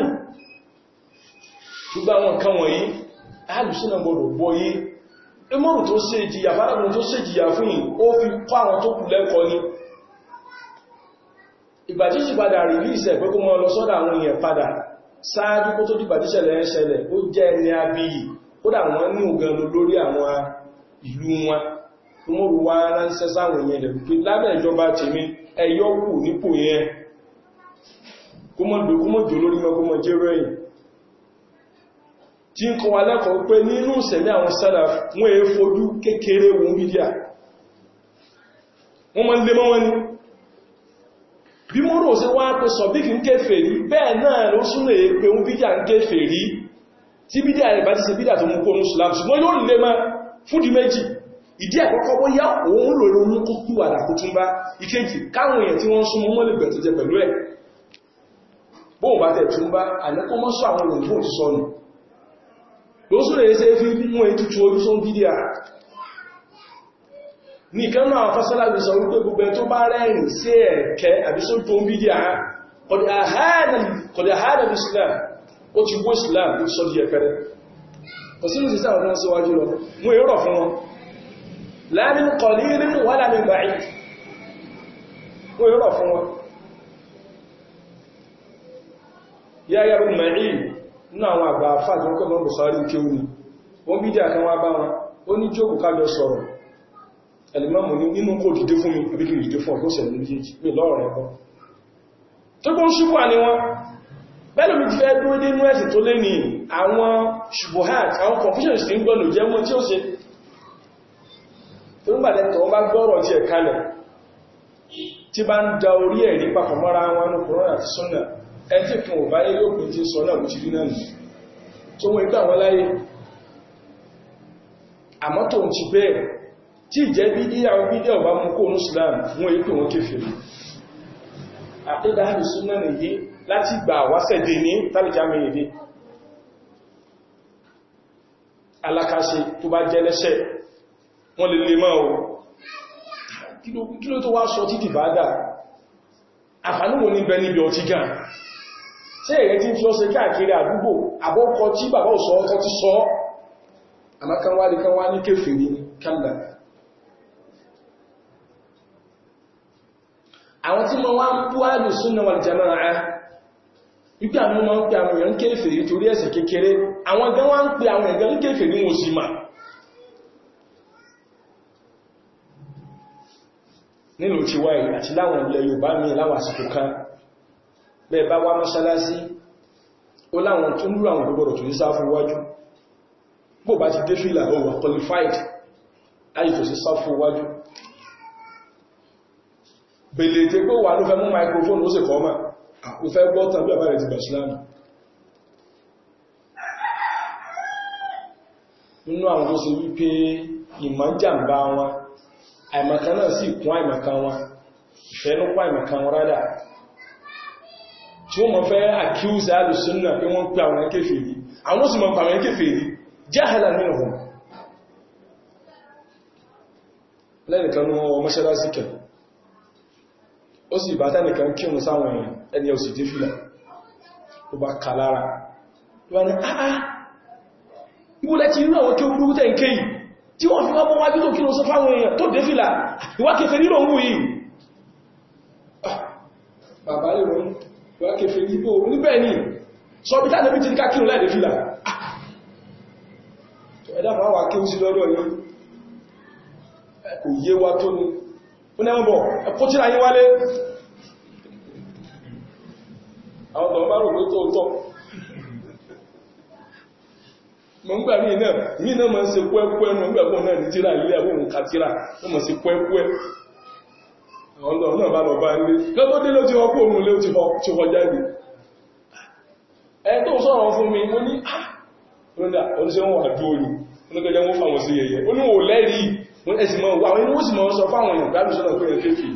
ṣùgbọ́n àwọn kan wọ̀nyí alùsínà gbọdọ̀ gbọ́ yé ẹmọ́rù tó ṣe ìjìyà fáràbùn tó ṣe ìjìyà fún yìí ó fi kọ́ àwọn tó kù lẹ́kọ̀ọ́ ni ìgbà tí sì padà rìlíìsẹ̀ pé kó mọ́ lọ sọ́dọ̀ àwọn èèyàn padà sáájú kó tó dìgbà tí ṣẹlẹ̀ ń ṣẹlẹ̀ ó jẹ́ ẹni abiyì kódà wọ́n ní ògan lórí àwọn ìlú wọn wọ́n rú wá ránṣẹ́ sáwọn èèyàn rẹ̀ pé lábẹ́ ìjọba tèmi ẹyọ́ wù nípò yẹn kó mọ́ dò kó mọ́ mọ́ wọn ni bí mo rò sí wá pé sọ̀bíkì ń kèfèrí bẹ́ẹ̀ náà ló súnlẹ̀ pé ń bídà ń kèfèrí tí bídà rẹ̀ bá ti ṣe bídà tó mú kó mùsùlùmí ṣùgbọ́n yóò lè máa fúdí méjì ìdí ẹ̀kọ́kọ́ bóyá òun lò ronú kó kú àdàkó tún bá ìkéjì káwọn èèyàn wọ́n sún mọ́ lè mú nìkan náà fásálàbì sọ wípé gbogbo tó bá rẹ̀rìn sí ẹ̀kẹ́ àbí só tó ń bí díà kọ̀dẹ̀ àhádàbì islam ó ti wó islam ó sọ di ẹ̀kẹ́rẹ́ kò sí ìsìsá ọ̀nà síwájú lọ mú èrò fún wọn láàrin kọ̀lí rí wà láàrin bàáyì ẹlùmọ́mù ní inú kò dìde fún mi àbí kí n dìde fún ọ̀yọ́ sẹ̀lú méjèèjì pé lọ́rọ̀ rẹ̀ kọ́ tó kó ń ṣúgbà ní wọn bẹ́lú mi ti fẹ́ dúró dé inú ẹ̀sìn tó lé ní àwọn ṣubuhat àwọn confusions tí ń gbọ́nù jẹ́ mọ́ tí ó ṣe tó ń gbàdẹ́ tọ́ bá gbọ́rọ̀ tí ẹ̀ kalẹ̀ tí bá ń da orí ẹ̀rí papọ̀ mọ́ra wọn ní kòrónà àti sọ́nà ẹ tí kan ò bá yé yóò pín tí sọ náà bó ti rí ń ti bẹ́ẹ̀ tí ìjẹ́ bídí àwọn bídí ọ̀bá mú kó ní islam wọ́n èkó wọn kéfèrè àtẹ́dà àrùsùn náà nìyí láti gbà wáṣẹ̀dẹ̀ ní tàbíkà mẹ́rẹ̀dẹ̀ alákàṣe tó bá jẹ́ lẹ́ṣẹ̀ wọ́n lè lè máa o kí ló tó wá sọ títì bá dà àfàníwò ní bẹnibi ọtí gan tí èyẹ tí ń fi ọ́sẹ̀ káàkiri àdúgbò àbọ́kọ àwọn tí wọ́n wá ń bú ahlu sunna wal jamaa wípé àwọn ọmọ ń pè àwọn èèyàn kéfèrí torí ẹ̀ṣẹ̀ kékeré àwọn gan wá ń pè àwọn èèyàn kéfèrí wọn sí ma nílò tí wáyé àti láwọn ilẹ̀ Yorùbá mi láwọn àsìkò kan bẹ́ẹ̀ bá wá mọ́sálásí ó láwọn tún lú àwọn gbogbo tó ní qualified láyé tó sí sáfù bèlè jẹ́ pé wà ló fẹ́ mú microphone ó sì fọ́ mà ó fẹ́ gbọ́ tàbí àbá ti gbà sílámù nínú àwọn tó ṣe wípé ìmọ̀ jàǹbá wọn àìmọ̀kan náà sì kún àìmọ̀kan wọn ìfẹ́núkún àìmọ̀kan wọn rádà tí ó mọ̀ fẹ́ accuse alùsùnà pé wọ́n pè àwọn kéfèrí àwọn ó sì mọ̀ pàwọn kéfèrí jahala minhum lẹ́nìkan ní ó sì bá tẹ́nìkan kírun sáwọn èèyàn ẹni ó sì dé fìlà ó bá kà lára wọ́n ni àá ìwọ́lẹ̀ ti rínà wọ́n kí ó burúkú tẹ́ ǹkẹ́ yìí tí wọ́n fi wá bọ́ wá bí tó kírun sọ fáwọn èèyàn tó dé fìlà ìwá kẹfẹ́ nílò òun yìí ah, bàbá lè rọrùn ìwá kẹfẹ́ níbò níbẹ̀ ni sọ bí tánàbí ti ní ká kírun láì dé fìlà ah, ẹ̀dá fàáwà kí ó sí lọ́dọ̀ yìí kò yé wa tó ni onímọ̀bọ̀ ẹkọ́ tí ráyí wálé àwọn tọ̀wọ́ bá rò pé tó tọ́ mọ̀ ń gbà ní iná ní iná ma ń ṣe pẹ́ẹ̀pẹ́ ẹnu ẹgbẹ̀gbọ́n náà ní tíra ilé àwọn òǹkà wọ́n ma ṣe pẹ́ẹ̀pẹ́ àwọn náà bá lọ bá ló ti ọkọ̀ òun lé ti wọ jáde ẹ tó fún mi ah! ni ẹ̀sìn mọ́ àwọn inú òsì mọ́ sọ fáwọn èèyàn gbádùn sọ́dọ̀ pé ẹ̀fẹ́ fi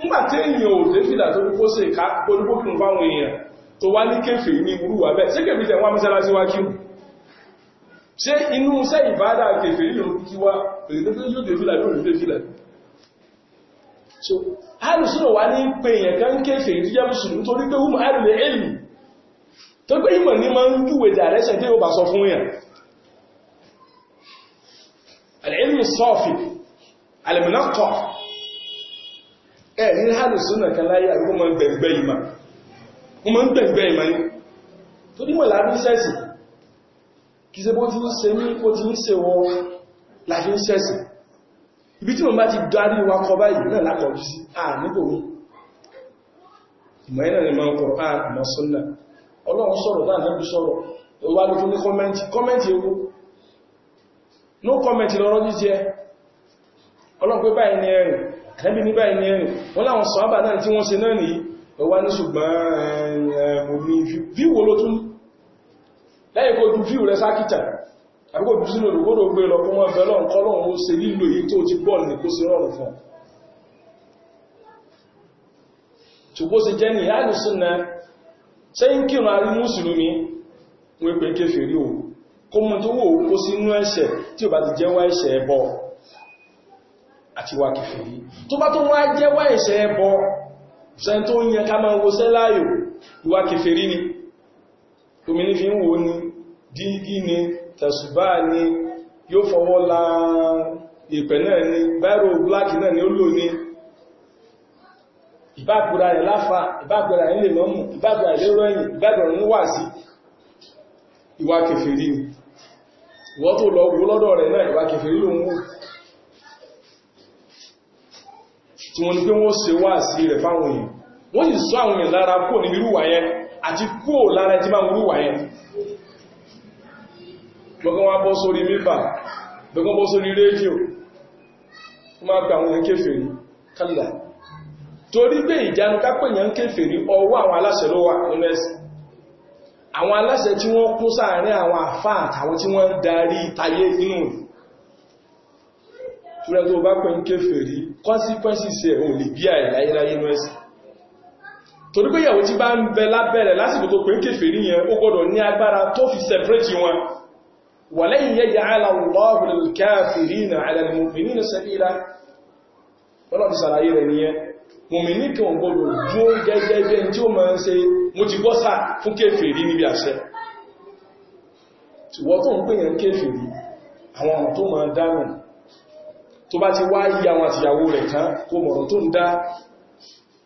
nígbà tí èèyàn ò dé fìlà tó kó sí ìka olúkókùn fáwọn èèyàn tó wá ní kéfèé ní irú wà bẹ́ẹ̀ sí kèfèé tẹ̀wọ́n mọ́sálásí wá kí ṣe inú iṣẹ́ ìbádà so alùsùn wà ní pé èèyàn kan kéfèé ní jẹ́ mùsùlùmí torí pé wùmọ̀ alùlẹ̀ èlì tó pé ìmọ̀ ní máa ń alìmìnàkọ̀ ẹ̀ ní hàlù súnà kan láyé àríkọ́ mọ́ gbẹ̀gbẹ̀ ìmà wọ́n mọ́ gbẹ̀gbẹ̀ ìmà ní tó dímọ̀ láàrín sẹ́sì kì ṣe bó ti ń ṣe mí ó ti ń ṣe wọ láàrín sẹ́sì ibi tí wọ́n bá ti darí wa kọ báyìí náà lápọ̀jú ọlọ́run pé báyìí ni ẹ̀rìn ànábì ní báyìí ni ẹ̀rìn wọ́n láwọn sọ̀hábà náà tí wọ́n ṣe náà nìyí ọwá ní ṣùgbọ́n omi fíwò ló tún lẹ́yìn kó ju fíwò rẹ̀ sákìtà àbíkò jù sínú olùgbòdò gbé lọ fún wọn bẹ̀rẹ̀ ọ̀kọ́lọ́run ó ṣe lílò èyí tó ti bọ́ọ̀lù ní kó ṣe rọrùn fún ṣùgbó mú tó wò ó kó sínú ẹ̀ṣẹ̀ tí ò bá ti jẹ́wọ́ ẹ̀ṣẹ̀ ẹbọ àti wá kèfèrí tó bá tó wá jẹ́ wá ẹ̀ṣẹ̀ ẹbọ ṣe tó ń yẹ ká máa wo sẹ́ láyò ìwá kèfèrí ni omini fi ń wo ni dígí ni tẹ̀sùbá ni yóò fọwọ́ la ìpẹ̀ náà ni bẹ́rọ bláàkì náà ni ó lò ní ìbágbóra rẹ̀ láfà ìbágbóra rẹ̀ lè mọ́mù ìbágbóra rẹ̀ lérò ẹ̀yìn ìbágbóra ń wà sí ìwá kèfèrí ni wọ́n tó lọ wo lọ́dọ̀ rẹ̀ náà ìwá kèfèrí lòun wò tí wọ́n ni pé wọ́n ṣe wá sí rẹ̀ fáwọn èèyàn wọ́n sì sọ àwọn èèyàn lára kúrò níbi rúwà yẹn àti kúrò lára ẹjí máa rúwà yẹn lọ́gbọ́n wá bọ́ sórí mímbà lọ́gbọ́n bọ́ sórí rédíò wọ́n máa pẹ àwọn èèyàn kéfèrí kálà torí pé ìjánu kápẹ̀ èèyàn kéfèrí ọwọ́ àwọn aláṣẹ ló wà nínú àwọn aláṣẹ tí wọ́n kún sáàárín àwọn àfáà àtàwọn tí wọ́n darí tayé nínú ìlú túnrẹ́ tó bá pẹ́ ń kéfèé rí consequences ẹ̀ òun lè bí àì láyéláyé mẹ́sì torí pé ìyàwó tí bá ń bẹ lábẹ́rẹ̀ lásìkò tó pẹ́ ń kéfèé rí yẹn ó gbọ́dọ̀ ní agbára tó fi separate wọn wà lẹ́yìn yẹ́ àwọn ọ̀nà tó máa dáhùn tó bá ti wá yí àwọn àtìyàwó rẹ̀ tán kó mọ̀rọ̀ tó ń dá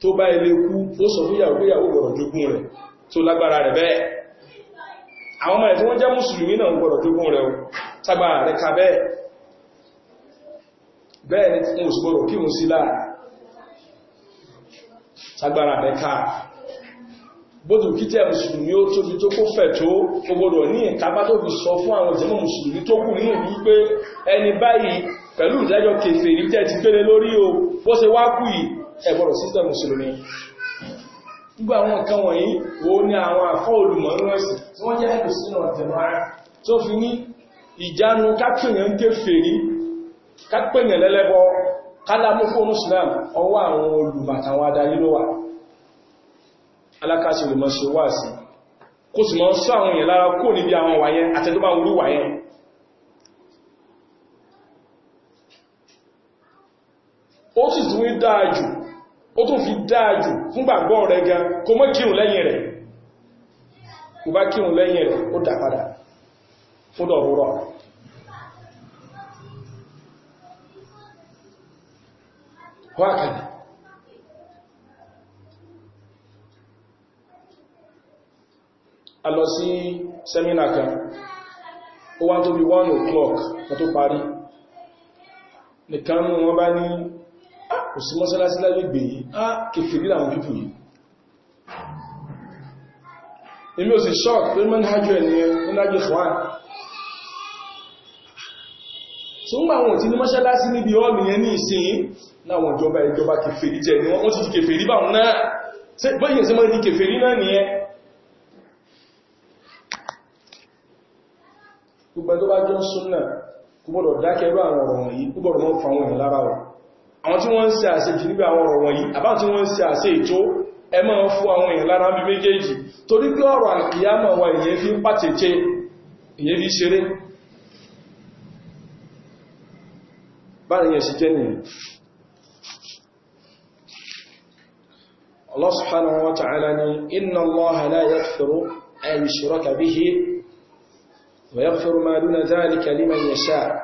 tó bá ilé kú ó sọ fún ìyàwó ìyàwó gbọ̀rọ̀ jogún rẹ̀ tó lágbára rẹ̀ bẹ́ẹ̀ àwọn ọmọ rẹ̀ tí wọ́n jẹ́ mùsùlùmí náà gbọ̀rọ̀ jogún rẹ̀ tágbára rẹ̀ ka bẹ́ẹ̀ bẹ́ẹ̀ kí mo sí mùsùlùmí ó tó tó kó fẹ̀ tó gbogbo ní ìkápá sọ fún àwọn ìjẹ́mọ̀ mùsùlùmí tó kù nínú wípé ẹni báyìí pẹ̀lú ìdájọ́ kèfè ní tẹ́ ti gbélé lórí o bó ṣe wá kú yìí ẹ̀bọ̀rọ̀ sísẹ̀ mùsùlùmí gbogbo àwọn nǹkan wọ̀nyí wo ní àwọn àfọ́ olùmọ̀ ẹ̀sìn tí wọ́n jẹ́ ẹ̀lù sínú ọ̀tẹ̀mọ́ ara tó fi ní ìjánu kápẹ̀yàn kèfè rí kápẹ̀yàn lẹ́lẹ́bọ kálámú fún muslim ọwọ́ àwọn olùbàtàwọn adarí ló wà ó sì tún wí dáájù ó tún fi dáájù fún gbàgbọ́ rẹ̀ gan kó mọ́ kírùn lẹ́yìn rẹ̀ kò bá kírùn lẹ́yìn rẹ̀ ó dà padà fún dọ̀rọ̀rọ̀ wákàtí a lọ sí sẹ́mínà kan ó wá tó bí 1 o'clock tó parí nìkan wọ́n bá kò sí mọ́sálásí lágbègbè yìí á kèfèrí àwọn pípù yìí èmi ò sì ṣọ́ọ̀kì pé mọ́ níhájú ẹ̀nìyàn nílájú ìfọ́n tó ń àwọn òtí ní mọ́sálásí níbi ọ́ọ̀lù ní ni wọ́n ti di kèfèrí báwọn náà bóyẹ̀ sí mọ́ ní kèfèrí náà nìyẹn gbogbo ẹjọ́ bá jẹ́ súnnà kúgbọ́dọ̀ dákẹ́rú àwọn ọ̀rọ̀ wọ̀nyí kúgbọ́dọ̀ mọ́ fàwọn ìlára àwọn tí wọ́n ń ṣe àṣejù níbi àwọn ọ̀rọ̀ wọ̀nyí àbá tí wọ́n ń ṣe àṣe ètò ẹ máa fún àwọn èèyàn lára bí méjèèjì torí pé ọ̀rọ̀ àkìyàmọ̀ wa èèyàn fi ń èèyàn fi ṣeré báyìí sí jẹ́ ni inna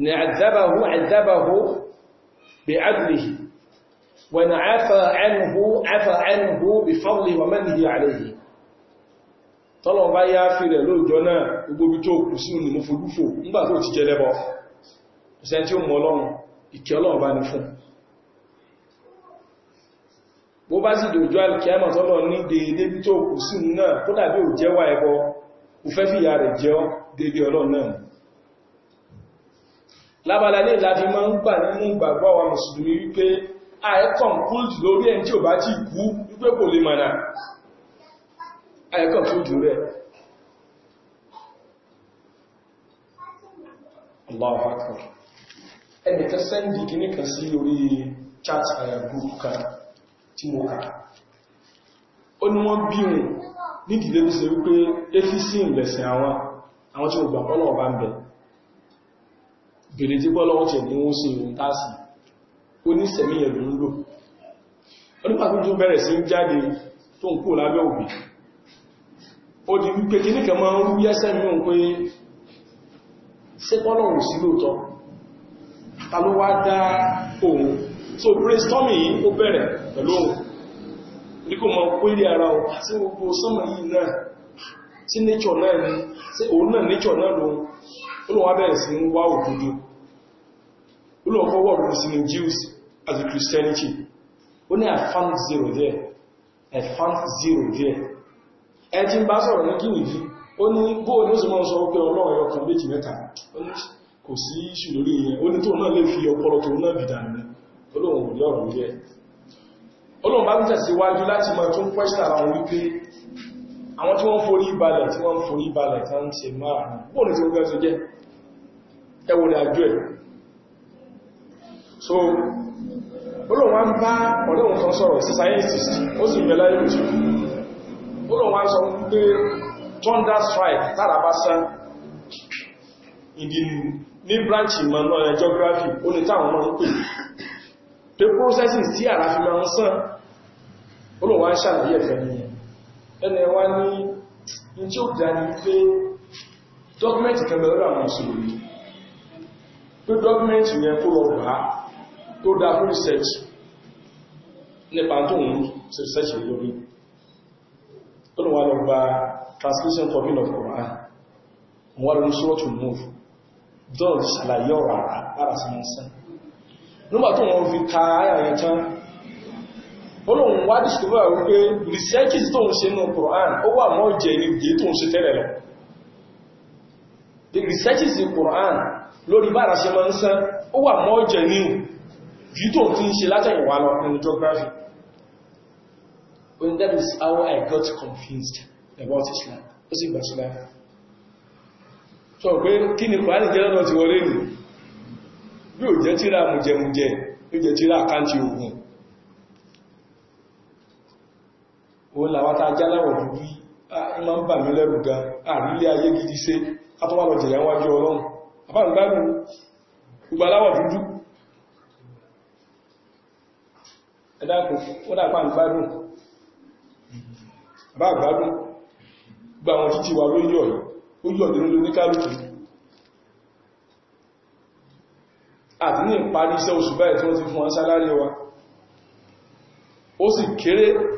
إن عذبه بعدله وإن عنه عفى عنه بفضله ومنه عليه tọ́lọ̀ bá yá fílẹ̀ lóòjọ́ náà gbogbo bí tó kù sínú ni mo nígbà tó ti jẹlẹ́bọ̀ ṣe tí ó mọ̀ ọlọ́run ìkẹ́ ọlọ́run bá ní fún bó bá sì dòjọ́ alìkíyàmà tọ́lọ̀ ní déédé bí tó kù sínú náà kódà bí ò jẹ́wà lábala ní ìlàfí máa ń gbà nínú ìgbàgbọ́ àwọn mùsùlùmí wípé àẹ́kọ̀n kúlù lórí ẹni tí ò bá ti kú wípé kò lè mọ̀nà àẹ́kọ̀n kúlù rẹ̀ ẹnìkan sẹ́ndì kìíní kan sí orí chat eh, group kan tí mo kà ó ní wọ́n bí rìn nídìílé bí ṣe wípé éfísìn lẹ̀sìn àwọn àwọn tí ó gbà pọ́lọ̀ ọba ń bẹ̀rẹ̀ bèrè tí pọ́lọ́wọ́ ní wọ́n sí ìwọ̀n tásì ó ní sẹ̀mí ẹ̀lú bẹ̀rẹ̀ sí ń jáde tó ń lábẹ́ òbí di wípé kí máa ń rú yẹ́sẹ̀ mìíràn pé sí lóòtọ́ ta ló wá dá òun so brainstorming yìí ó bẹ̀rẹ̀ pẹ̀lú òun ní kò máa ara òun olùwà bẹ̀rẹ̀ sí ń wá òdodo olùwà kọ́ wọ́n rẹ̀ sí ní Jews as a Christianity ó I found zero there I found zero there ẹ ti ń bá sọ̀rọ̀ ní you. Only go ní bóò ní ó sì máa sọ pé ọlọ́run ẹyọ kan méjì mẹ́ta kò sí ìṣù lórí ìyẹn ó ní tóun náà lè fi ọpọlọ tóun náà bìdà ní olóhùn òní ọ̀rọ̀ yẹ olóhùn bá ń tẹ̀síwájú láti máa tún pẹ́ṣẹ̀ àwọn wípé àwọn tí wọ́n forí balẹ̀ tí wọ́n forí balẹ̀ tí wọ́n ṣe máa bóòlù tí ó gbẹ́ ṣe jẹ́ ẹwọ́n dájú ẹ̀ so olóòwọ́n bá ọ̀lọ́wọ́n kan sọ̀rọ̀ sí scientist ó sì bẹ̀lá ìrìnjì olóòwọ́n sọ pé thunder strike tára bá sán ìdínú ní branch ìmọ̀ náà geography ó ní táwọn náà ń pè pé processes tí àrà fi máa ń sán olóòwọ́n ṣàlàyé ẹ̀fẹ́ nìyẹn ẹni ẹwà ní in tí ó dá ní pé dọ́gmẹ́ntì kan bẹ̀rẹ̀ àwọn mùsùlùmí pé dọ́gmẹ́ntì yẹn kó rọrùn tó dá fún research nípa tó ń research lórí tó wà lọ gba translation for mean of Quran wọ́n lórí sọ́rọ̀tù move john ṣàlàyé ọ̀rọ̀ àrà sí mọ́sán nígbà tó wọ́n fi ka ayà yẹn tán olóhun wá discover wípé researches tó ń se nínú Quran ó wà mọ́ jẹ ní ìgbé tó ń ṣe tẹ́lẹ̀ lọ the researches lórí bára ṣe máa ń sán ó wà mọ́ jẹ ní ìgbé tó ń látẹ̀yìnwá lọ geography that is how I got confused about Islam ó sì gbà sílá sọ pé kí ni Quran jẹ́ lọ́nà ti wọlé nì bí ò jẹ́ tíra mùjẹmùjẹ ogun òun làwọn tá jáláwọ̀ dúdú ìmá ń bà mí lẹ́rù gan àrílé ayé gidi ṣe kátọ́wàlọ̀ jẹ̀yà wájú ọlọ́run àbáǹgbàmù ìgbàláwọ̀ dúdú ẹ̀dàkùn ó dàpá ìgbádùn àbá àgbádùn gbà wọn títí wà ló yọ̀ ó yọ̀ nínú lórí kálùkù àti ní ìparí iṣẹ́ oṣù báyìí tí ó sì kéré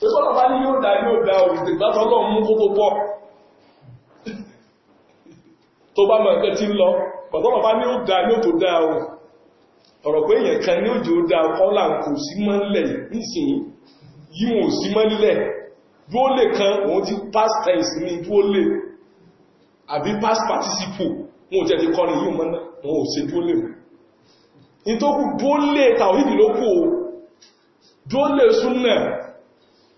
tó sọ́nà bá ní yóò dá yóò dá òrìsì gbátọ́ lọ mú kókó pọ̀ tó bá mọ̀ ẹ̀kẹ́ tí ń lọ pọ̀tọ́nà bá ní ó dá yóò tó dá o ọ̀rọ̀ pé èèyàn kan ní òjò dá kọ́là kò sí mọ́lẹ̀ nísìnyí yíwọ̀n ò sí mọ́lẹ̀ dúó lè kan òun ti past tense ní dúó lè àbí past participle wọn ò jẹ́ ti kọrin yíò mọ́ná wọn ò ṣe dúó lè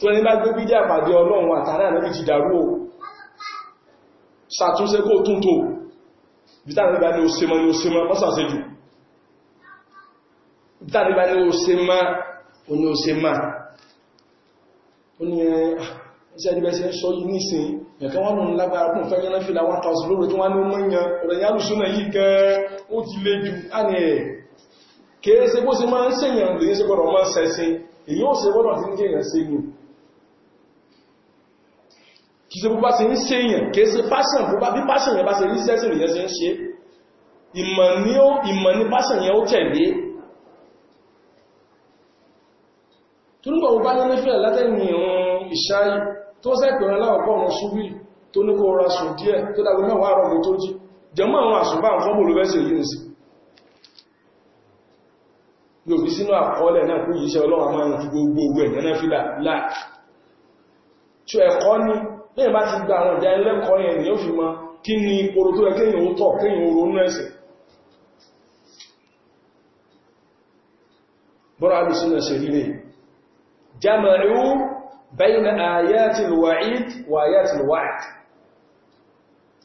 tó ní bá gbé bídí àpàdé ọlọ́run àtàrà ànábì ti dàrú o ṣàtúnṣe kó tún tó bítàrígbà ní òṣèmọ́ ah, ní òṣèmọ́ mọ́sàṣẹ́ jù bítàrígbà ní òṣèmọ́ oní òṣèmọ́ oní ẹ̀ṣẹ́ ìdíbẹ̀ṣẹ́ sọ yìí nísìn ẹ̀kẹ́ wọ́n lòun lágbára fún fẹ́ yẹ́nà fìlà 1000 lórí tí wọ́n ní mọ́yàn ọ̀rẹ̀ yálù súnà yìí kẹ́ ó ti lé jù ánì ẹ̀ kèése bó ṣe máa ń sèyàn lè ṣe gbọ́dọ̀ máa sẹ́sìn èyí ó ṣe gbọ́dọ̀ tí ń jẹ́yàn sí gbù kìí ṣe bó bá ṣe ń ṣe èèyàn kìí ṣe pásàn bó bá bí pásàn yẹn bá ṣe rí sẹ́sìn rẹ̀ ṣe ń ṣe ìmọ̀ ní pásàn yẹn ó tẹ̀lé túnbọ̀ bó bá ní ní fílẹ̀ látẹ́yìn ìrún ìṣáyí tó sẹ́pẹ̀ wọn láwọ̀pọ̀ ọ̀run ṣúbí tó ní kó ra sùn díẹ̀ tó dàgbé mẹ́wàá rọ̀ mú tó jí jẹmọ́ àwọn àṣùbá ń fọ́bù olùfẹ́sẹ̀ yìí nìsí yóò fi sínú àkọọ́lẹ̀ náà kú yíṣẹ́ ọlọ́run máa ń fi gbogbo ẹ̀yẹn náà fílà láà tí ẹ̀kọ́ ní lẹ́yìn bá ti gba àwọn ìjà ẹlẹ́kọ̀ọ́ yẹn ni ó fi mọ kí ni iporo tó yẹ kéèyàn ó tọ̀ kéèyàn ó ronú ẹ̀sìn bọ́rọ̀ alùsùnà ṣe rí rẹ̀ jama'u bayna ayatil wa'id wa ayatil wa'id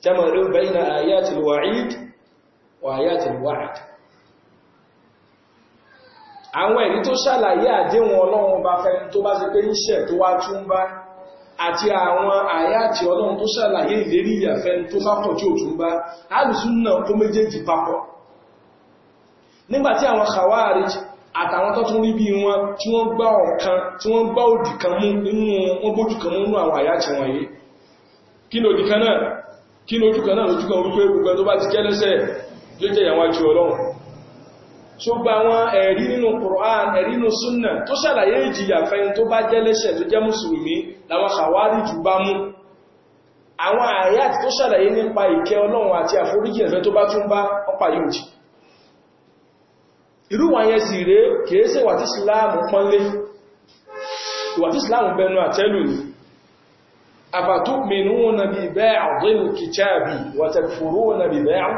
jama'u bayna ayatil wa'id wa ayatil àwọn ẹ̀rí tó ṣàlàyé àdéhùn ọlọ́run bá fẹ́ tó bá ṣe pé ń tó wá tún bá àti àwọn àyàtì ọlọ́run tó ṣàlàyé ìlérí ìyàfẹ́ tó sápọ̀ tí ó tún bá alùsúnnà kó méjèèjì papọ̀ nígbàtí àwọn khawarij àtàwọn tó tún rí bí wọn tí wọ́n gbá ọ̀kan tí wọ́n gbá òdì kan mú nínú wọn bójú kan mú nínú àwọn àyàtì wọ̀nyí kí ni òdì kan ni ojú kan náà lójú kan wípé gbogbo tó bá ti kẹ́lẹ́sẹ̀ yóò ìyàwó àjò ọlọ́run ṣùgbọ́n àwọn ẹ̀rí nínú Qur'an ẹ̀rí nínú súnnà tó ṣàlàyé ìjìyà fẹ́yìn tó bá jẹ́ lẹ́ṣẹ̀ tó jẹ́ mùsùlùmí láwọn Khawarij jù bá mú àwọn àyàtì tó ṣàlàyé nípa ìkẹ́ Ọlọ́run àti àforíjì ẹ̀fẹ́ tó bá tún bá ọpa yóò jì irú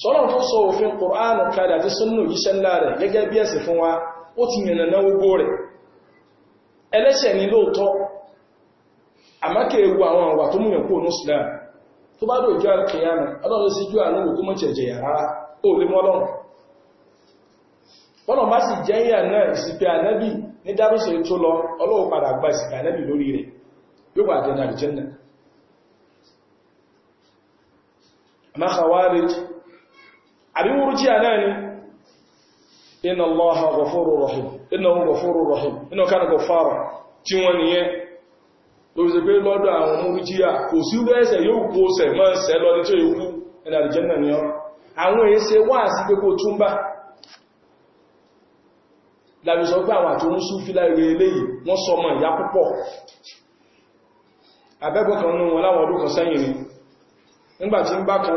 sọ́lọ́run tó sọ òfin Kùránù kalẹ̀ na súnnù yíṣẹ́ ńlá rẹ̀ gẹ́gẹ́ bí ẹ̀sìn fún wa ó ti yẹ̀nà náà gbogbo rẹ̀ ẹlẹ́ṣẹ̀ ni lóòtọ́ àmákẹ̀ẹ́gbò àwọn àwà tó múyàn kó nùsùlám tó bá na alkiyama ọlọ́run sí jú khawarij àbí múrújíà náà ni iná lọ́ha gọfóró rọ̀hìm iná gọfóró rọ̀hìm iná kánà gọfárà tí wọ́n ni yẹn ló fi pé lọ́dọ̀ àwọn múrújíà kò sí rẹ́ẹ̀sẹ̀ yóò kó sẹ̀ mọ́ sẹ́ ni àwọn sí pé sọ pé àwọn láìrẹ eléyìí wọ́n sọ kan nínú wọn láwọn ọdún kan sẹ́yìn kan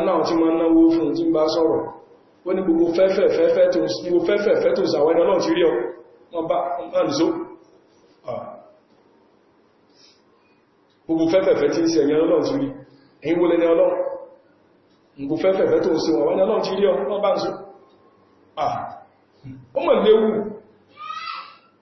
náà tí wọ́n náwó fún tí ń bá ó ní gbogbo fẹ́fẹ́fẹ́fẹ́ tó ń sàwọn ẹni ọlọ́run ti rí ọ wọ́n bá ń zó gbogbo fẹ́fẹ́fẹ́ tí ń ṣe ẹni ọlọ́run ti rí ẹ̀yìn wọlé ní ọlọ́run gbogbo fẹ́fẹ́fẹ́ tó ń ṣe wọ́n ẹni ọlọ́run ti rí ọ wọ́n bá ń zó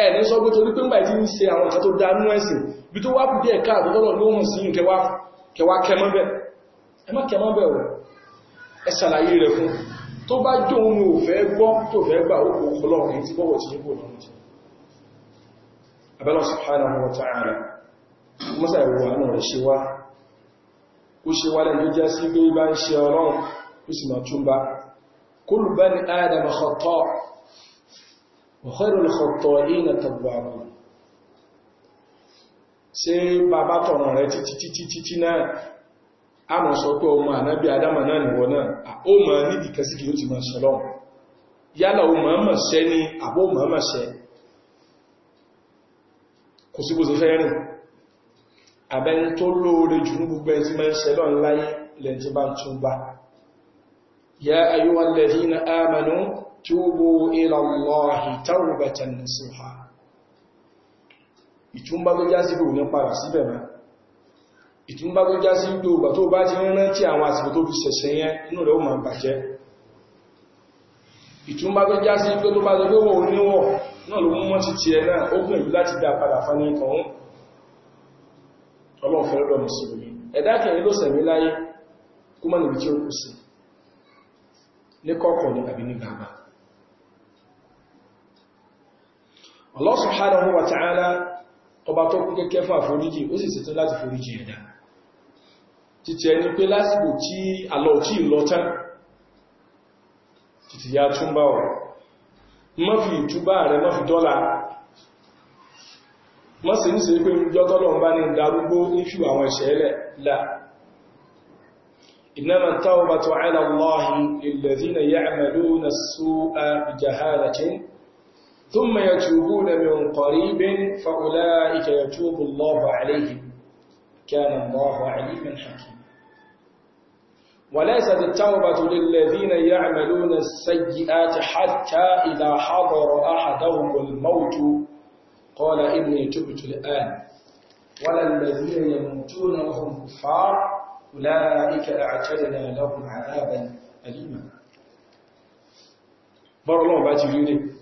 ẹni sọ pé torí pé ń bàí tí ń ṣe àwọn ìkàtò dánú ẹ̀sìn bí tó wá pùdí ẹ̀ká àtọ́tọ́lọ̀ ló hàn sí kẹwàá kẹmọ́bẹ̀ ẹ má kẹmọ́bẹ̀ ọ̀ ẹ ṣàlàyé rẹ̀ fún tó bá jó ohun ò fẹ́ gbọ́ tó fẹ́ gbà ó kò ọlọ́run tí bọ́wọ̀ tí yíkò lọ́nà jẹ́ وخير الخطائين التوابون ṣe bàbá tọ̀nà rẹ̀ títí títí títí náà a mọ̀ sọ pé ọmọ ànábí adáma náà nìwọ náà ó mọ̀ níbi kẹsíkì ó ti mọ̀ ṣẹlọ yálà ó mọ̀ mọ̀ ṣẹ́ ní àbó mọ̀ mọ̀ ṣẹ́ kò sí bó ṣe fẹ́ rìn àbẹ́ni tó lóore jù ní gbogbo ẹni túbú ilallahi taubatan nasuha ìtúmbá tó jásí bí òní padà síbẹ̀ mẹ́ ìtúmbá tó jásí bí ògbà tó bá ti rántí àwọn àsìkò tó fi ṣẹ̀ṣẹ̀ yẹn inú rẹ̀ ó máa bàjẹ́ ìtúmbá tó jásí pé tó bá tọ́jú wọ oníwọ̀ náà ló mú ti tiẹ̀ náà ó gbìyànjú láti dá padà fani ní kọ́kọ̀ ní àbí Allah subhanahu wa ta'ala ọba tó kún kẹ́kẹ́ fún àforíjì ó lati ṣetán láti foríjì ẹni pé lásìkò tí àlọ́ ya fi fi dọ́là mọ́ sí ní sí pé jọ́tọ́lọ̀ ń bá ní ìdarúgbó ní fi àwọn إنما التوبة على الله للذين ثم يتوبون من قريب فأولئك يتوب الله عليهم كان الله عليما حكيما وليست التوبة للذين يعملون السيئات حتى إذا حضر أحدهم الموت قال إني تبت الآن ولا الذين يموتون وهم كفار أولئك أعتدنا لهم عذابا أليما بارك الله فيك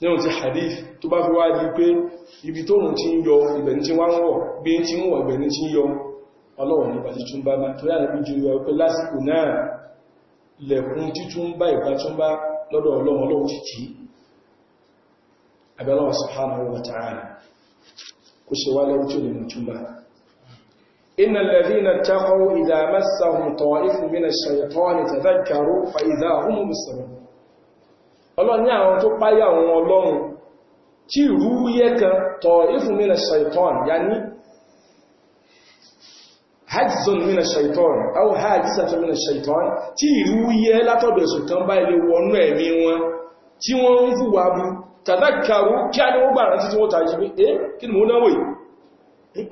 nínú ti hadith tó bá fi wá di pé ibi tó mú ti ń yọ ìbẹ̀ni tí wọ́n wọ̀ bí i tí wọ́n ìbẹ̀ni tí ń yọ ọlọ́wọ̀ nípa ti túnbá bá tó yára bí jùlọ pé lásìkò náà lẹ̀kún tí ó lè mú túnbá إن الذين اتقوا إذا مسهم طائف من الشيطان تذكروا فإذا هم مبصرون ọlọ́run ní àwọn tó páyà òun ọlọ́run tí ìrú yẹ kan tọ̀ ìfúnmínà shaitan ya ní hajjizon mina shaitan au hajjizata mina shaitan tí ìrú yẹ látọ̀dọ̀ ṣùkan bá ilé wọnú ẹ̀mí wọn tí wọ́n ń fúwà bú tàbákàrú kí a ní wọ́n gbà eh kí ni mo náwó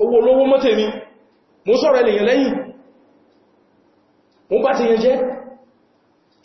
owó olówó mọ́tẹ̀mí mo sọ̀rọ̀ ẹlẹ́yìn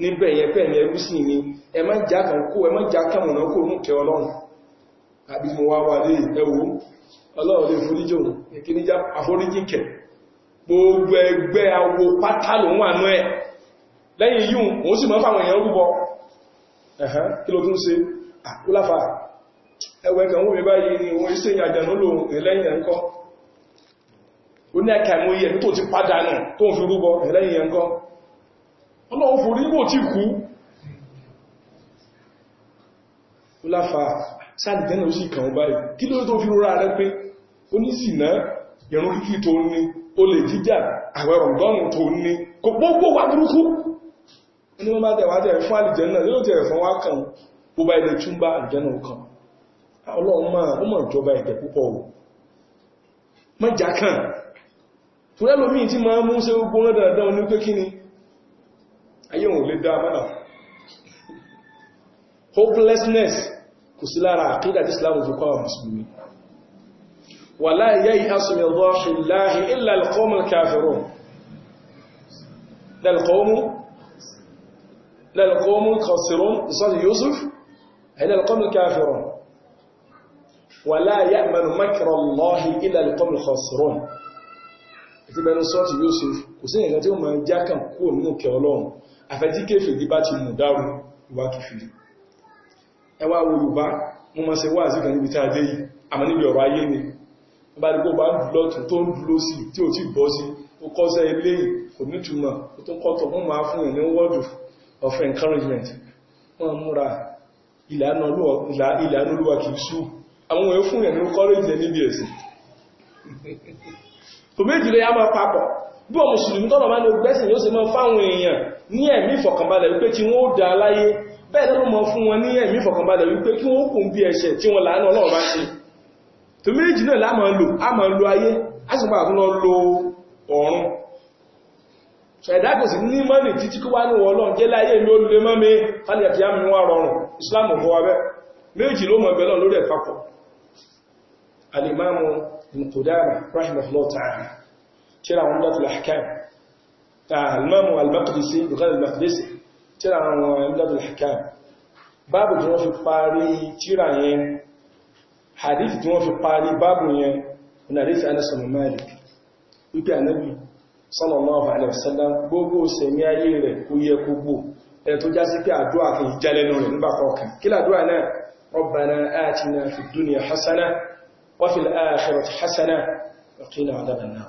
níbẹ̀ yẹ pẹ́ ní ẹrú sí ni ẹ má já kan kó ẹ má já kó ní kẹ ọlọ́run àbí mo wá wà lè ẹwò ọlọ́run lè foríjò ìkíníjá àforíjì kẹ gbogbo ẹgbẹ́ awo pátá ló wà nú ẹ lẹ́yìn yíò ó sì mọ́ fáwọn èèyàn rúbọ kí ló tún ọlọ́run fò rígbò tí kú ó láfà sáàdìtẹ́nà ó sì kàn báyìí kí ló tó fi rọra rẹ pé ó ní sìná ìrun kíkí tó ní ó lè jíjà àwẹ̀ rọ̀gọ́rùn tó ní kò gbogbo wá burúkú ní wọ́n bá tẹ̀wàtẹ̀ fún àlìjẹ́nà lórí tẹ̀ fún wá kàn ó bá ilẹ̀ tún bá àlìjẹ́nà kan ọlọ́run tí máa mú sí gbogbo rẹ̀ dáadáa ní pé kí ni ayé wọn ò lè dá mọ́nà hopelessness kò sí lára àkídà tí islam fi kọ́ mùsùlùmí wà láyé ìhásùn ìlọ́ṣì láàrin ilẹ̀ alkọ́mù kafirun للقوم الخاسرون قصة يوسف هنا القوم الكافرون ولا يأمن مكر الله إلا القوم الخاسرون ti bẹnu sọ́tí yóò ṣe kò sí ìrìnà tí ó ma ń já àfẹ́tí kéfèrí bá ti mú dárú ìwà kìfèrí ẹwà Yorùbá mú ma ṣe wáàzí kan níbi tàà dé yìí àmà níbi ọ̀rọ̀ ayé ni bá dúgbò bá lọ́tún tó ń dúró sí tí ò tí bọ́ sí ó kọ́sẹ́ ilé kò nítumọ̀ ó tó fún ma fún ìní encouragement wọ́n múra ìlànà olúwa kìí sú àwọn èèyàn fún ìní courage níbi ẹ̀sìn kò méjìlẹ̀ yá máa papọ̀ bí ọmọ mùsùlùmí tọ́lọ̀ máa ní gbẹ́sìn yóò ní ẹ̀mí ìfọ̀kànbalẹ̀ wípé tí wọ́n ó dá láyé bẹ́ẹ̀ lọ́rọ̀ mọ́ fún wọn ní ẹ̀mí ìfọ̀kànbalẹ̀ wípé kí wọ́n kùn bí ẹ̀ṣẹ̀ tí wọ́n láàánú ọlọ́run bá ṣe tó méjì náà láàmà lò a máa lo ayé a sì máa fún lọ lo ọ̀run ẹ̀dá kò sí ní mọ́nì títí kó wá ní wọ́n lọ́n jẹ́ láyé mi ó lè mọ́mí fálẹ̀ kí á mú wá Islam kọ́ wa bẹ́ méjì ló mọ̀ bẹ́lọ̀ lórí ẹ̀pàpọ̀ Al-Imam Ibn Qudamah rahimahullah ta'ala tíra wọn lọ́tùlá hakan المام المقدسي بغير المقدسي ترى امداد الحكام باب tí wọ́n fi parí tírà yẹn hadith tí wọ́n fi parí báàbù yẹn ní hadith Anas bin Malik wípé ànábì sallallahu alaihi wasallam gbogbo sẹ̀mí ayé rẹ̀ kó yẹ kó gbò ẹni tó já sí pé àdúrà kì í jálẹ́nu rẹ̀ nígbà kọ̀ọ̀kan kí làdúrà náà Rabbana atina fid dunya hasana wa fil akhirati hasana wa qina adhaban nar